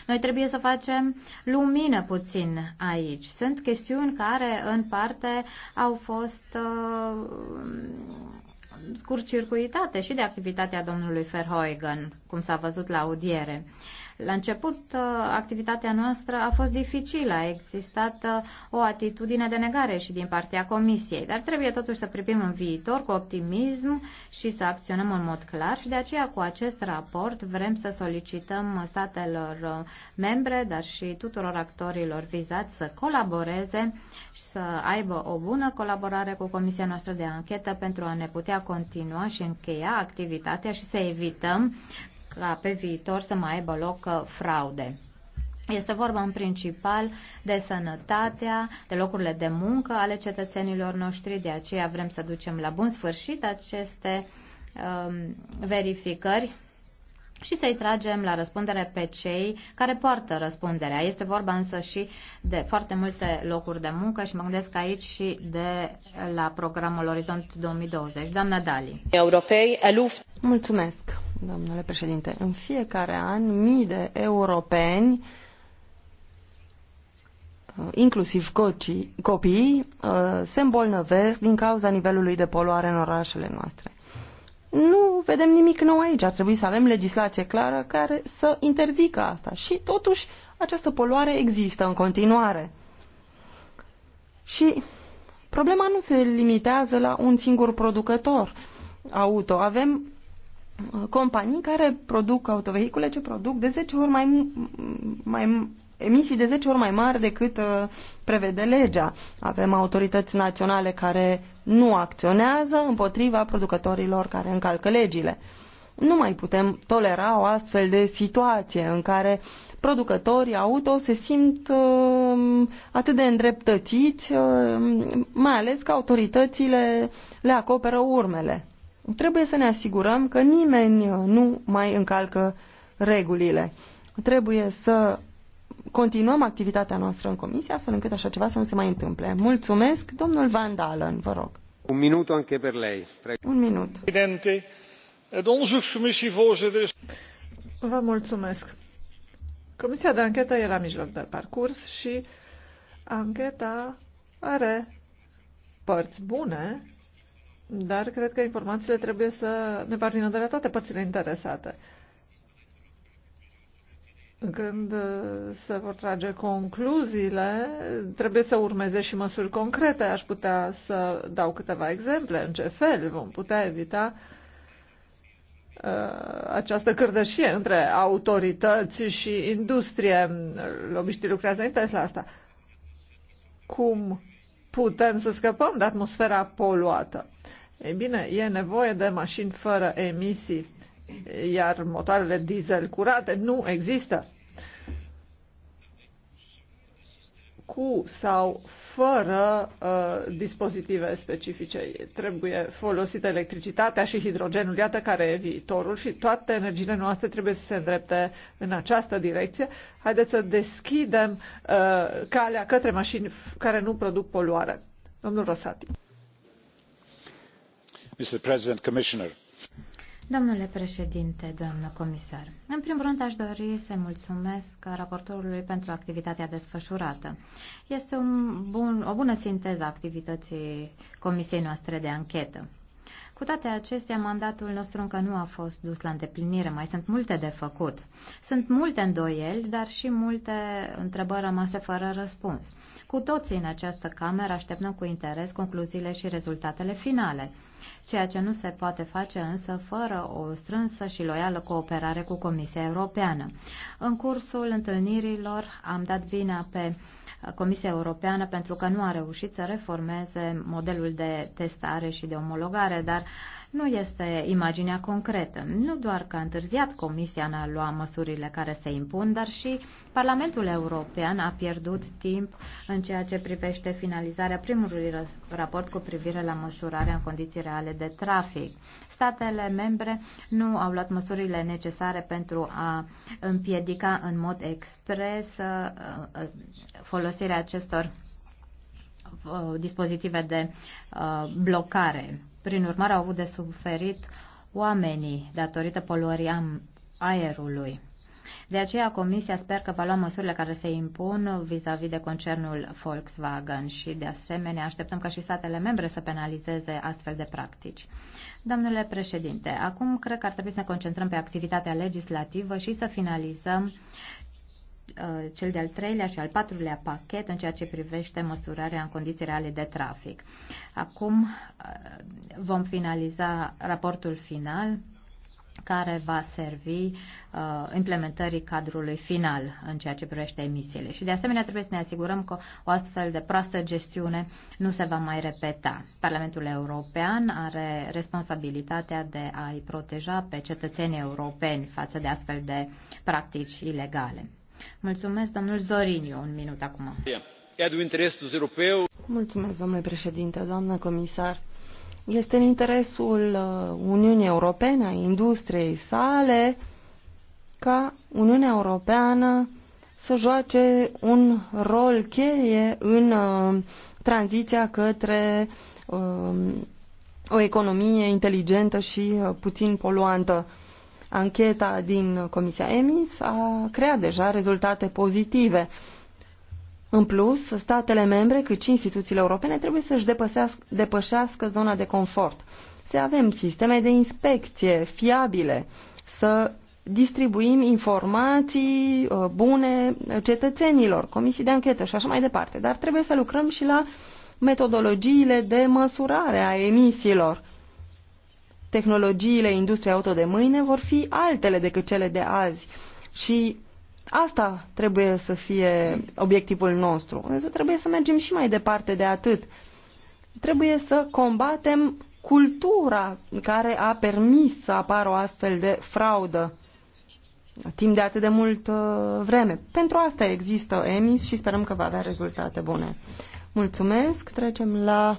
Speaker 5: Noi trebuie să facem lumină puțin aici. Sunt chestiuni care, în parte, au fost uh, scurcircuitate și de activitatea domnului Verhoeven, cum s-a văzut la audiere. Uh, la început, uh, activitatea noastră a fost dificilă, a existat uh, o atitudine de negare și din partea Comisiei, dar trebuie totuși să privim în viitor cu optimism și să acționăm în mod clar și de aceea cu acest raport vrem să solicităm statelor uh, membre, dar și tuturor actorilor vizați să colaboreze și să aibă o bună colaborare cu Comisia noastră de anchetă pentru a ne putea continua și încheia activitatea și să evităm ca pe viitor să mai aibă loc uh, fraude. Este vorba în principal de sănătatea, de locurile de muncă ale cetățenilor noștri, de aceea vrem să ducem la bun sfârșit aceste um, verificări și să-i tragem la răspundere pe cei care poartă răspunderea. Este vorba însă și de foarte multe locuri de muncă și mă gândesc aici și de la programul Orizont 2020. Doamna Dali.
Speaker 4: Europei,
Speaker 7: Mulțumesc domnule președinte. În fiecare an, mii de europeni, inclusiv copii, se îmbolnăvesc din cauza nivelului de poluare în orașele noastre. Nu vedem nimic nou aici. Ar trebui să avem legislație clară care să interzică asta. Și totuși, această poluare există în continuare. Și problema nu se limitează la un singur producător auto. Avem Uh, companii care produc autovehicule ce produc de 10 ori mai, mai emisii de 10 ori mai mari decât uh, prevede legea. Avem autorități naționale care nu acționează împotriva producătorilor care încalcă legile. Nu mai putem tolera o astfel de situație în care producătorii auto se simt uh, atât de îndreptățiți, uh, mai ales că autoritățile le acoperă urmele. Trebuie să ne asigurăm că nimeni uh, nu mai încalcă regulile. Trebuie să continuăm activitatea noastră în comisie astfel încât așa ceva să nu se mai întâmple. Mulțumesc, domnul Van Dalen, vă
Speaker 6: rog. Un minut anche per lei. Un minut. Vă mulțumesc. Comisia de anchetă e la mijloc de parcurs și ancheta are părți bune dar cred că informațiile trebuie să ne parvină de la toate părțile interesate. Când uh, se vor trage concluziile, trebuie să urmeze și măsuri concrete. Aș putea să dau câteva exemple în ce fel vom putea evita uh, această cârdășie între autorități și industrie. Lobiștii lucrează intens la asta. Cum putem să scăpăm de atmosfera poluată. Ei bine, e nevoie de mașini fără emisii, iar motoarele diesel curate nu există. Cu sau fără uh, dispozitive specifice. Trebuie folosită electricitatea și hidrogenul, iată care e viitorul și toate energiile noastre trebuie să se îndrepte în această direcție. Haideți să deschidem uh, calea către mașini care nu produc poluare. Domnul Rosati.
Speaker 2: Mr. President, Commissioner,
Speaker 6: Domnule
Speaker 5: președinte, doamnă comisar, în primul rând aș dori să mulțumesc raportorului pentru activitatea desfășurată. Este un bun, o bună sinteză a activității comisiei noastre de anchetă. Cu toate acestea, mandatul nostru încă nu a fost dus la îndeplinire, mai sunt multe de făcut. Sunt multe îndoieli, dar și multe întrebări rămase fără răspuns. Cu toții în această cameră așteptăm cu interes concluziile și rezultatele finale, ceea ce nu se poate face însă fără o strânsă și loială cooperare cu Comisia Europeană. În cursul întâlnirilor am dat vina pe Comisia Europeană pentru că nu a reușit să reformeze modelul de testare și de omologare, dar nu este imaginea concretă. Nu doar că a întârziat Comisia în a lua măsurile care se impun, dar și Parlamentul European a pierdut timp în ceea ce privește finalizarea primului raport cu privire la măsurarea în condiții reale de trafic. Statele membre nu au luat măsurile necesare pentru a împiedica în mod expres uh, uh, folosirea acestor uh, dispozitive de blocare prin urmare, au avut de suferit oamenii datorită poluării aerului. De aceea, Comisia sper că va lua măsurile care se impun vis-a-vis -vis de concernul Volkswagen și, de asemenea, așteptăm ca și statele membre să penalizeze astfel de practici. Domnule președinte, acum cred că ar trebui să ne concentrăm pe activitatea legislativă și să finalizăm Uh, cel de-al treilea și al patrulea pachet în ceea ce privește măsurarea în condiții reale de trafic. Acum uh, vom finaliza raportul final care va servi uh, implementării cadrului final în ceea ce privește emisiile. Și de asemenea trebuie să ne asigurăm că o astfel de proastă gestiune nu se va mai repeta. Parlamentul European are responsabilitatea de a-i proteja pe cetățenii europeni față de astfel de practici ilegale. Mulțumesc, domnul Zoriniu, un minut acum. Mulțumesc, domnule președinte, doamnă
Speaker 7: comisar. Este în interesul uh, Uniunii Europene, a industriei sale, ca Uniunea Europeană să joace un rol cheie în uh, tranziția către uh, o economie inteligentă și puțin poluantă. Ancheta din Comisia EMIS a creat deja rezultate pozitive. În plus, statele membre, cât și instituțiile europene, trebuie să-și depășească zona de confort. Să avem sisteme de inspecție fiabile, să distribuim informații uh, bune cetățenilor, comisii de anchetă și așa mai departe. Dar trebuie să lucrăm și la metodologiile de măsurare a emisiilor tehnologiile industriei auto de mâine vor fi altele decât cele de azi. Și asta trebuie să fie obiectivul nostru. Însă trebuie să mergem și mai departe de atât. Trebuie să combatem cultura care a permis să apară o astfel de fraudă timp de atât de mult uh, vreme. Pentru asta există EMIS și sperăm că va avea rezultate bune. Mulțumesc. Trecem la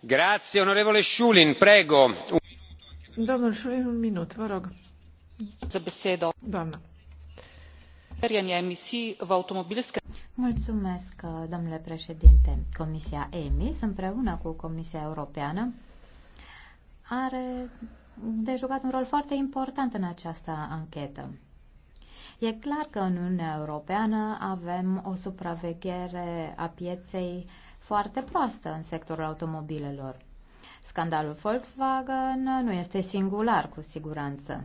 Speaker 4: Grazie, onorevole Schulin, prego.
Speaker 6: Domnul Schulin, un minut, vă rog. Za besedo. Doamna.
Speaker 5: Mulțumesc, domnule președinte. Comisia EMIS, împreună cu Comisia Europeană, are de jucat un rol foarte important în această anchetă. E clar că în Uniunea Europeană avem o supraveghere a pieței uh, foarte proastă în sectorul automobilelor. Scandalul Volkswagen nu este singular, cu siguranță.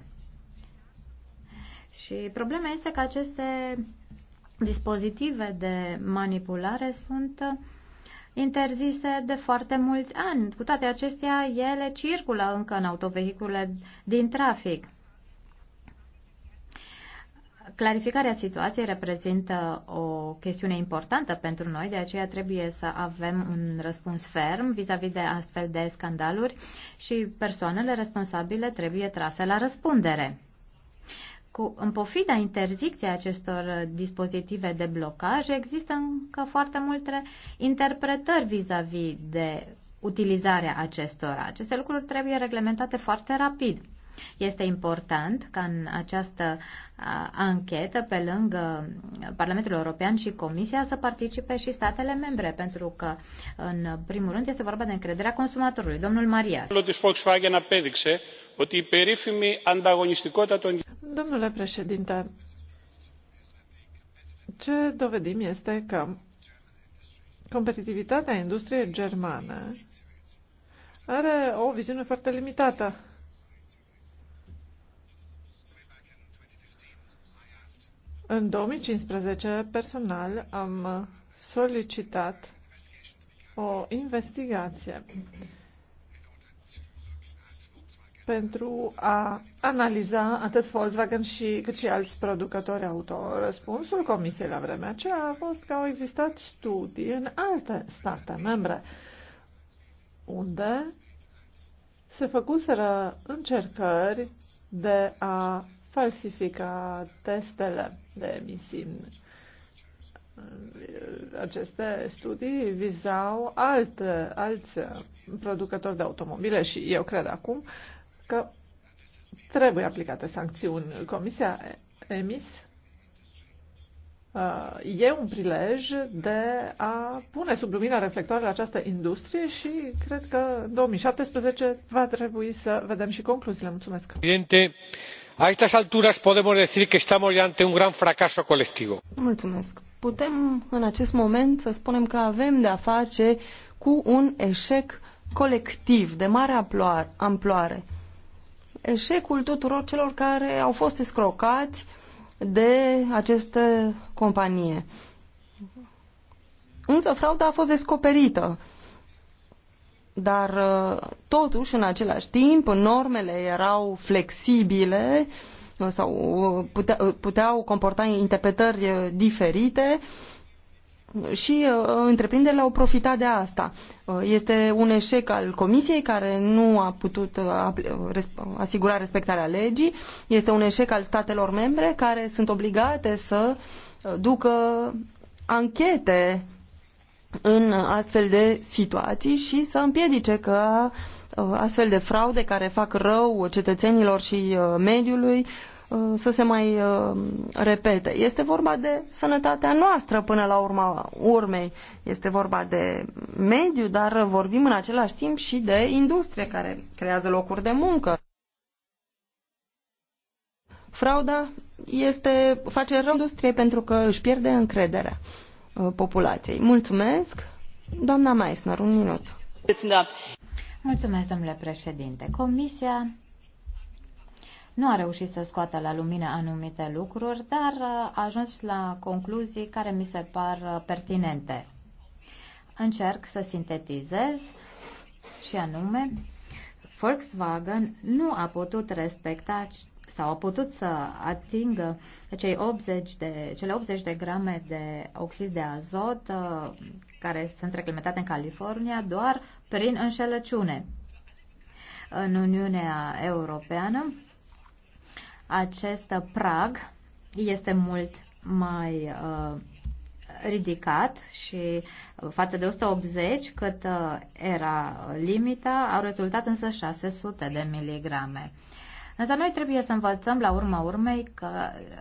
Speaker 5: Și problema este că aceste dispozitive de manipulare sunt interzise de foarte mulți ani. Cu toate acestea, ele circulă încă în autovehicule din trafic. Clarificarea situației reprezintă o chestiune importantă pentru noi, de aceea trebuie să avem un răspuns ferm vis-a-vis -vis de astfel de scandaluri și persoanele responsabile trebuie trase la răspundere. Cu, în pofida interzicției acestor dispozitive de blocaj, există încă foarte multe interpretări vis-a-vis -vis de utilizarea acestora. Aceste lucruri trebuie reglementate foarte rapid. Este important ca în această anchetă, pe lângă Parlamentul European și Comisia, să participe și statele membre, pentru că, în primul rând, este vorba de încrederea consumatorului.
Speaker 6: Domnul Maria. Domnule președinte, ce dovedim este că competitivitatea industriei germane are o viziune foarte limitată În 2015, personal, am solicitat o investigație pentru a analiza atât Volkswagen și, cât și alți producători auto. Răspunsul Comisiei la vremea aceea a fost că au existat studii în alte state membre unde se făcuseră încercări de a falsifica testele de emisii. Aceste studii vizau alte, alți producători de automobile și eu cred acum că trebuie aplicate sancțiuni. Comisia emis uh, e un prilej de a pune sub lumina reflectoare această industrie și cred că în 2017 va trebui să vedem și concluziile. Mulțumesc
Speaker 4: a estas alturas podemos decir que estamos ya ante un gran fracaso colectivo.
Speaker 6: Mulțumesc. Putem în
Speaker 7: acest moment să spunem că avem de a face cu un eșec colectiv de mare amploare. Eșecul tuturor celor care au fost escrocați de această companie. Însă frauda a fost descoperită dar uh, totuși, în același timp, normele erau flexibile uh, sau uh, puteau comporta interpretări diferite și întreprinderile au profitat de asta. Este un eșec al Comisiei care nu a putut asigura respectarea legii, este un eșec al statelor membre care sunt obligate să ducă anchete în astfel de situații și să împiedice că uh, astfel de fraude care fac rău cetățenilor și uh, mediului uh, să se mai repete. Este vorba de sănătatea noastră până la urma urmei. Este vorba de mediu, dar vorbim în același timp și de industrie care creează locuri de muncă. Frauda este, face rău industriei pentru că își pierde încrederea. Uh, populației. Mulțumesc. Doamna Meissner, un minut.
Speaker 5: Mulțumesc, domnule președinte. Comisia nu a reușit să scoată la lumină anumite lucruri, dar a ajuns la concluzii care mi se par pertinente. Încerc să sintetizez și anume, Volkswagen nu a putut respecta sau au putut să atingă cei 80 de, cele 80 de grame de oxid de azot uh, care sunt reglementate în California doar prin înșelăciune. În Uniunea Europeană acest prag este mult mai uh, ridicat și față de 180 cât uh, era limita, au rezultat însă 600 de miligrame. Însă noi trebuie să învățăm la urma urmei că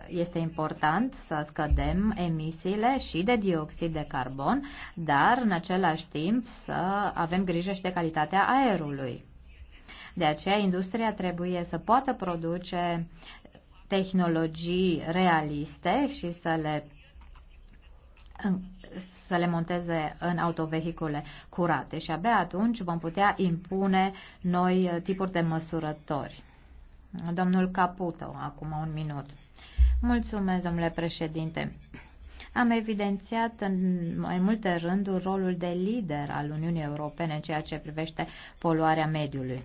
Speaker 5: este important să scădem emisiile și de dioxid de carbon, dar în același timp să avem grijă și de calitatea aerului. De aceea, industria trebuie să poată produce tehnologii realiste și să le să le monteze în autovehicule curate și abia atunci vom putea impune noi tipuri de măsurători. Domnul Caputo, acum un minut. Mulțumesc, domnule președinte. Am evidențiat în mai multe rânduri rolul de lider al Uniunii Europene în ceea ce privește poluarea mediului.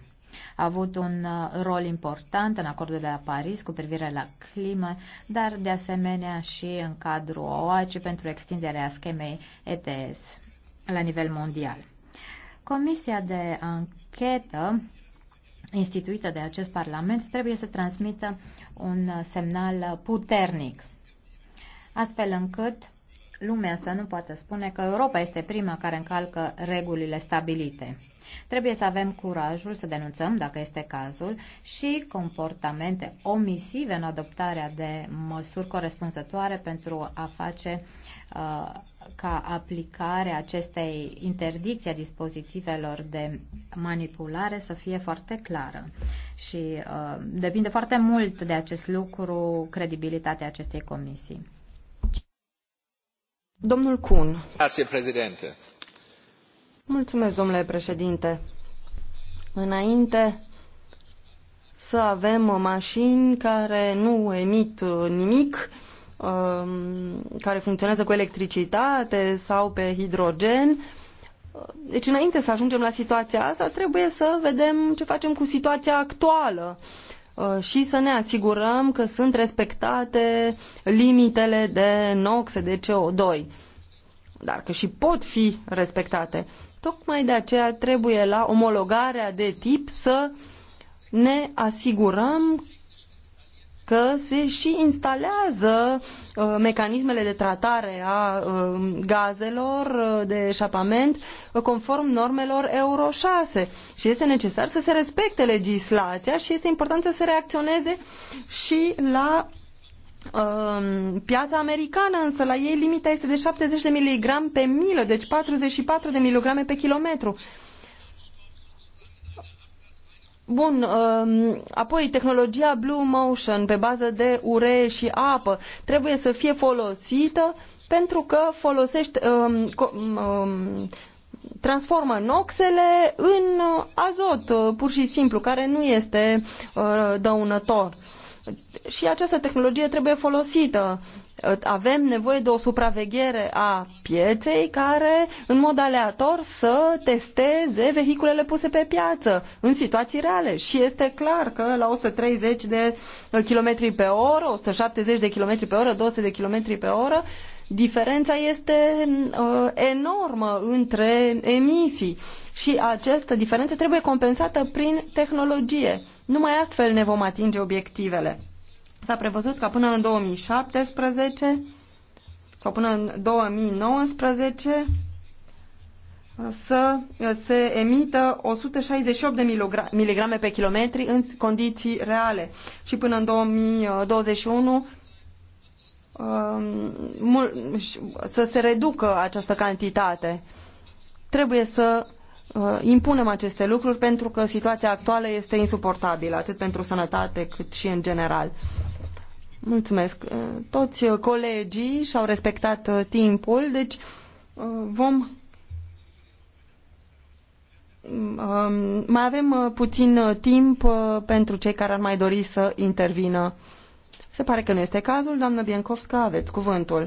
Speaker 5: A avut un uh, rol important în acordul de la Paris cu privire la climă, dar de asemenea și în cadrul OACI pentru extinderea schemei ETS la nivel mondial. Comisia de anchetă instituită de acest Parlament trebuie să transmită un semnal puternic, astfel încât lumea să nu poată spune că Europa este prima care încalcă regulile stabilite. Trebuie să avem curajul să denunțăm, dacă este cazul, și comportamente omisive în adoptarea de măsuri corespunzătoare pentru a face uh, ca aplicarea acestei interdicții a dispozitivelor de manipulare să fie foarte clară. Și uh, depinde foarte mult de acest lucru credibilitatea acestei comisii. Domnul Kuhn. Grazie, președinte. Mulțumesc, domnule președinte.
Speaker 7: Înainte să avem mașini care nu emit nimic, uh, Um, care funcționează cu electricitate sau pe hidrogen. Deci înainte să ajungem la situația asta, trebuie să vedem ce facem cu situația actuală uh, și să ne asigurăm că sunt respectate limitele de NOx, de CO2, dar că și pot fi respectate. Tocmai de aceea trebuie la omologarea de tip să ne asigurăm că se și instalează uh, mecanismele de tratare a um, gazelor uh, de eșapament uh, conform normelor Euro 6 și este necesar să se respecte legislația și este important să se reacționeze și la um, piața americană, însă la ei limita este de 70 de miligrame pe milă, deci 44 de miligrame pe kilometru. Bun, um, apoi tehnologia Blue Motion pe bază de uree și apă trebuie să fie folosită pentru că folosește, um, um, transformă noxele în azot, pur și simplu, care nu este uh, dăunător. Și această tehnologie trebuie folosită avem nevoie de o supraveghere a pieței care, în mod aleator, să testeze vehiculele puse pe piață în situații reale. Și este clar că la 130 de km pe oră, 170 de km pe oră, 200 de km pe oră, diferența este uh, enormă între emisii și această diferență trebuie compensată prin tehnologie. Numai astfel ne vom atinge obiectivele. S-a prevăzut ca până în 2017 sau până în 2019 să se emită 168 de miligrame pe kilometri în condiții reale și până în 2021 um, să se reducă această cantitate. Trebuie să uh, impunem aceste lucruri pentru că situația actuală este insuportabilă, atât pentru sănătate cât și în general. Mulțumesc. Uh, toți uh, colegii și-au respectat uh, timpul, deci vom um, mai avem puțin timp pentru cei care ar mai dori să intervină. Se pare că nu este cazul. Doamnă Biancovska, aveți cuvântul.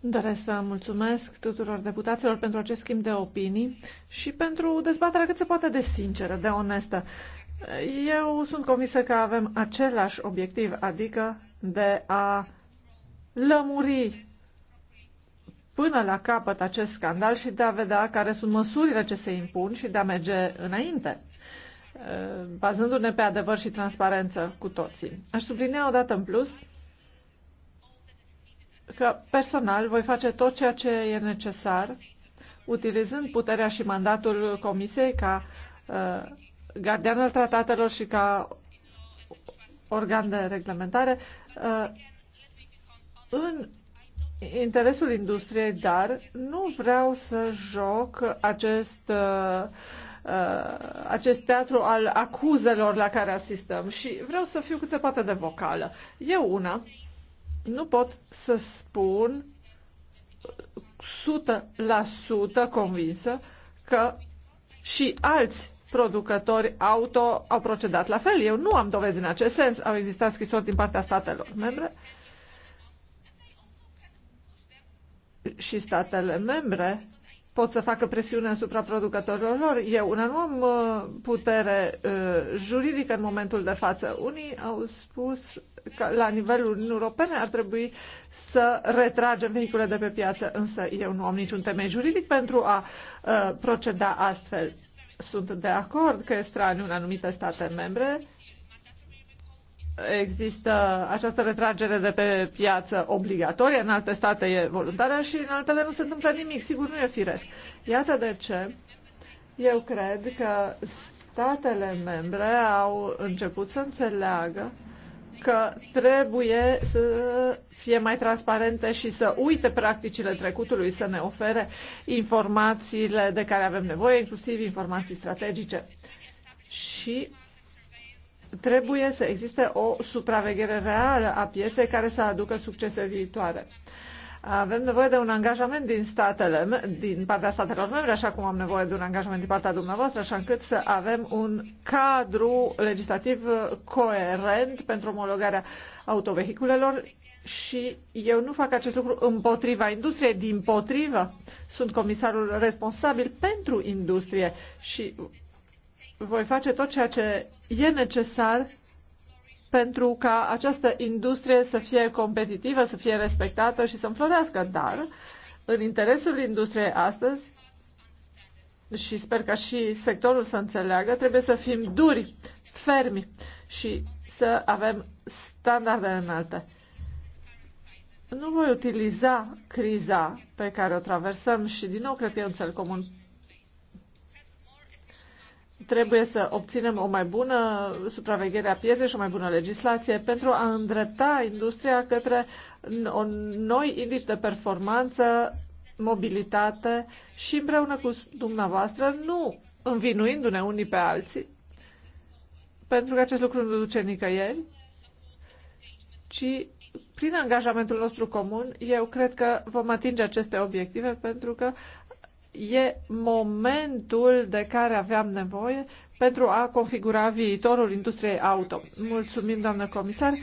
Speaker 6: Doresc să mulțumesc tuturor deputaților pentru acest schimb de opinii și pentru dezbaterea cât se poate de sinceră, de onestă. Eu sunt convinsă că avem același obiectiv, adică de a lămuri până la capăt acest scandal și de a vedea care sunt măsurile ce se impun și de a merge înainte, bazându-ne pe adevăr și transparență cu toții. Aș sublinea dată în plus că personal voi face tot ceea ce e necesar, utilizând puterea și mandatul Comisiei ca uh, gardian al tratatelor și ca organ de reglementare uh, în interesul industriei, dar nu vreau să joc acest, uh, uh, acest teatru al acuzelor la care asistăm și vreau să fiu cât se poate de vocală. Eu una nu pot să spun 100% convinsă că și alți producători auto au procedat la fel. Eu nu am dovezi în acest sens. Au existat scrisori din partea statelor membre și statele membre pot să facă presiune asupra producătorilor lor. Eu una nu am uh, putere uh, juridică în momentul de față. Unii au spus că la nivelul Uniunii Europene ar trebui să retragem vehicule de pe piață, însă eu nu am niciun temei juridic pentru a uh, proceda astfel. Sunt de acord că e straniu în anumite state membre. Există această retragere de pe piață obligatorie, în alte state e voluntară și în altele nu se întâmplă nimic. Sigur, nu e firesc. Iată de ce eu cred că statele membre au început să înțeleagă că trebuie să fie mai transparente și să uite practicile trecutului, să ne ofere informațiile de care avem nevoie, inclusiv informații strategice. Și trebuie să existe o supraveghere reală a pieței care să aducă succese viitoare. Avem nevoie de un angajament din statele, din partea statelor membre, așa cum am nevoie de un angajament din partea dumneavoastră, așa încât să avem un cadru legislativ uh, coerent pentru omologarea autovehiculelor și eu nu fac acest lucru împotriva industriei, din potrivă sunt comisarul responsabil pentru industrie și voi face tot ceea ce e necesar pentru ca această industrie să fie competitivă, să fie respectată și să înflorească. Dar, în interesul industriei astăzi, și sper ca și sectorul să înțeleagă, trebuie să fim duri, fermi și să avem standarde înalte. Nu voi utiliza criza pe care o traversăm și din nou cred că e un cel comun Trebuie să obținem o mai bună supraveghere a pieței și o mai bună legislație pentru a îndrepta industria către un noi indici de performanță, mobilitate și împreună cu dumneavoastră, nu învinuindu-ne unii pe alții, pentru că acest lucru nu duce nicăieri, ci prin angajamentul nostru comun, eu cred că vom atinge aceste obiective pentru că e momentul de care aveam nevoie pentru a configura viitorul industriei auto. Mulțumim, doamnă comisar.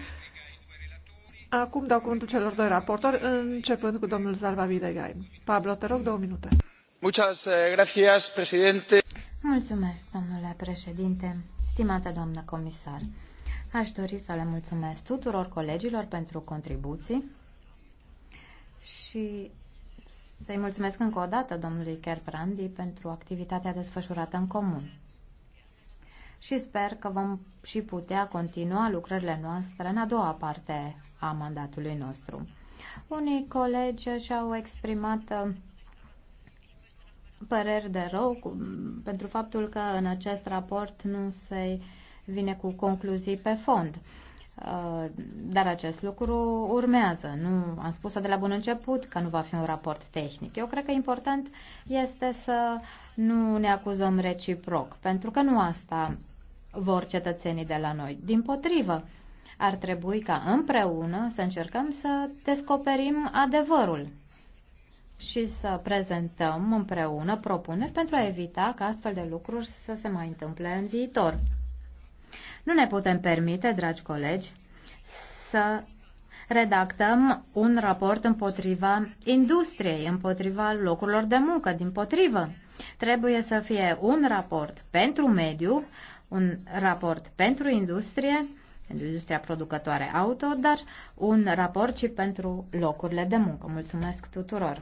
Speaker 6: Acum dau cuvântul celor doi raportori, începând cu domnul Zalba Videgain. Pablo, te rog două minute.
Speaker 2: Muchas eh, gracias, presidente.
Speaker 5: Mulțumesc, domnule președinte, stimată doamnă comisar. Aș dori să le mulțumesc tuturor colegilor pentru contribuții și să-i mulțumesc încă o dată domnului Kerprandi pentru activitatea desfășurată în comun. Și sper că vom și putea continua lucrările noastre în a doua parte a mandatului nostru. Unii colegi și-au exprimat uh, păreri de rău cu, pentru faptul că în acest raport nu se vine cu concluzii pe fond. Uh, dar acest lucru urmează. Nu am spus-o de la bun început că nu va fi un raport tehnic. Eu cred că important este să nu ne acuzăm reciproc, pentru că nu asta vor cetățenii de la noi. Din potrivă, ar trebui ca împreună să încercăm să descoperim adevărul și să prezentăm împreună propuneri pentru a evita ca astfel de lucruri să se mai întâmple în viitor. Nu ne putem permite, dragi colegi, să redactăm un raport împotriva industriei, împotriva locurilor de muncă, din potrivă. Trebuie să fie un raport pentru mediu, un raport pentru industrie, pentru industria producătoare auto, dar un raport și pentru locurile de muncă. Mulțumesc tuturor!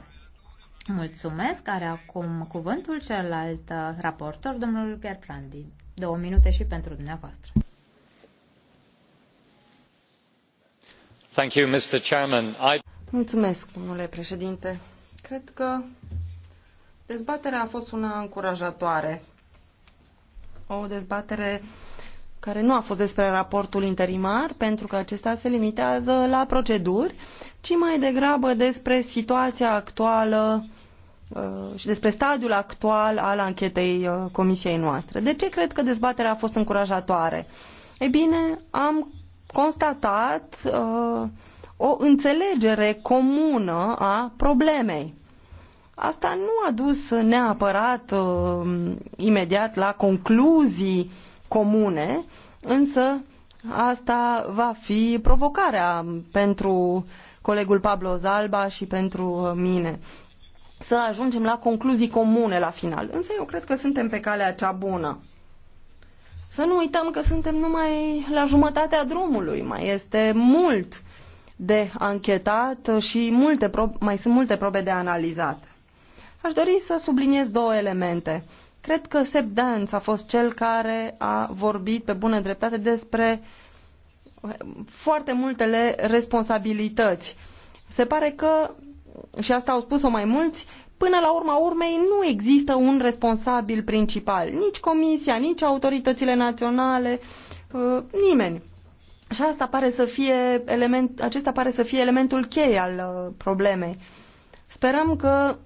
Speaker 5: Mulțumesc! Are acum cuvântul celălalt raportor, domnul Gerprandi. Două minute și pentru dumneavoastră. Mulțumesc, domnule președinte.
Speaker 7: Cred că dezbaterea a fost una încurajatoare. O dezbatere care nu a fost despre raportul interimar, pentru că acesta se limitează la proceduri, ci mai degrabă despre situația actuală uh, și despre stadiul actual al anchetei uh, comisiei noastre. De ce cred că dezbaterea a fost încurajatoare? Ei bine, am constatat uh, o înțelegere comună a problemei. Asta nu a dus neapărat uh, imediat la concluzii comune, însă asta va fi provocarea pentru colegul Pablo Zalba și pentru uh, mine să ajungem la concluzii comune la final. Însă eu cred că suntem pe calea cea bună. Să nu uităm că suntem numai la jumătatea drumului, mai este mult de anchetat și multe mai sunt multe probe de analizat. Aș dori să subliniez două elemente. Cred că Seb Dance a fost cel care a vorbit pe bună dreptate despre foarte multele responsabilități. Se pare că, și asta au spus-o mai mulți, până la urma urmei nu există un responsabil principal, nici comisia, nici autoritățile naționale, uh, nimeni. Și asta pare să fie element, acesta pare să fie elementul cheie al uh, problemei. Sperăm că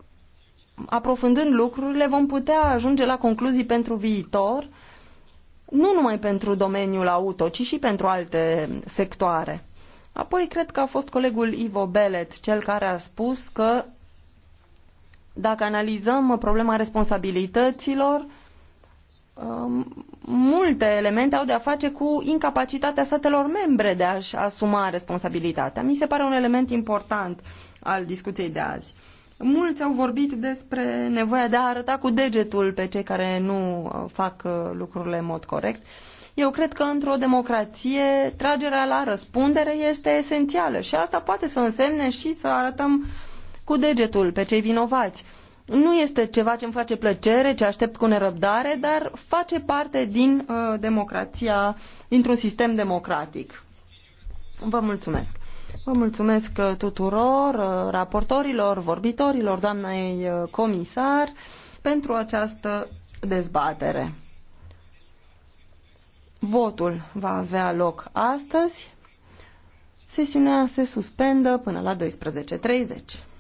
Speaker 7: aprofundând lucrurile vom putea ajunge la concluzii pentru viitor, nu numai pentru domeniul auto, ci și pentru alte sectoare. Apoi cred că a fost colegul Ivo Belet cel care a spus că dacă analizăm problema responsabilităților, um, multe elemente au de a face cu incapacitatea statelor membre de a-și asuma responsabilitatea. Mi se pare un element important al discuției de azi. Mulți au vorbit despre nevoia de a arăta cu degetul pe cei care nu uh, fac uh, lucrurile în mod corect. Eu cred că într-o democrație tragerea la răspundere este esențială și asta poate să însemne și să arătăm uh, cu degetul pe cei vinovați. Nu este ceva ce îmi face plăcere, ce aștept cu nerăbdare, dar face parte din uh, democrația, dintr-un sistem democratic. Vă mulțumesc. Vă mulțumesc uh, tuturor, uh, raportorilor, vorbitorilor, doamnei uh, comisar, pentru această dezbatere. Votul va avea loc astăzi. Sesiunea se suspendă până la 12.30.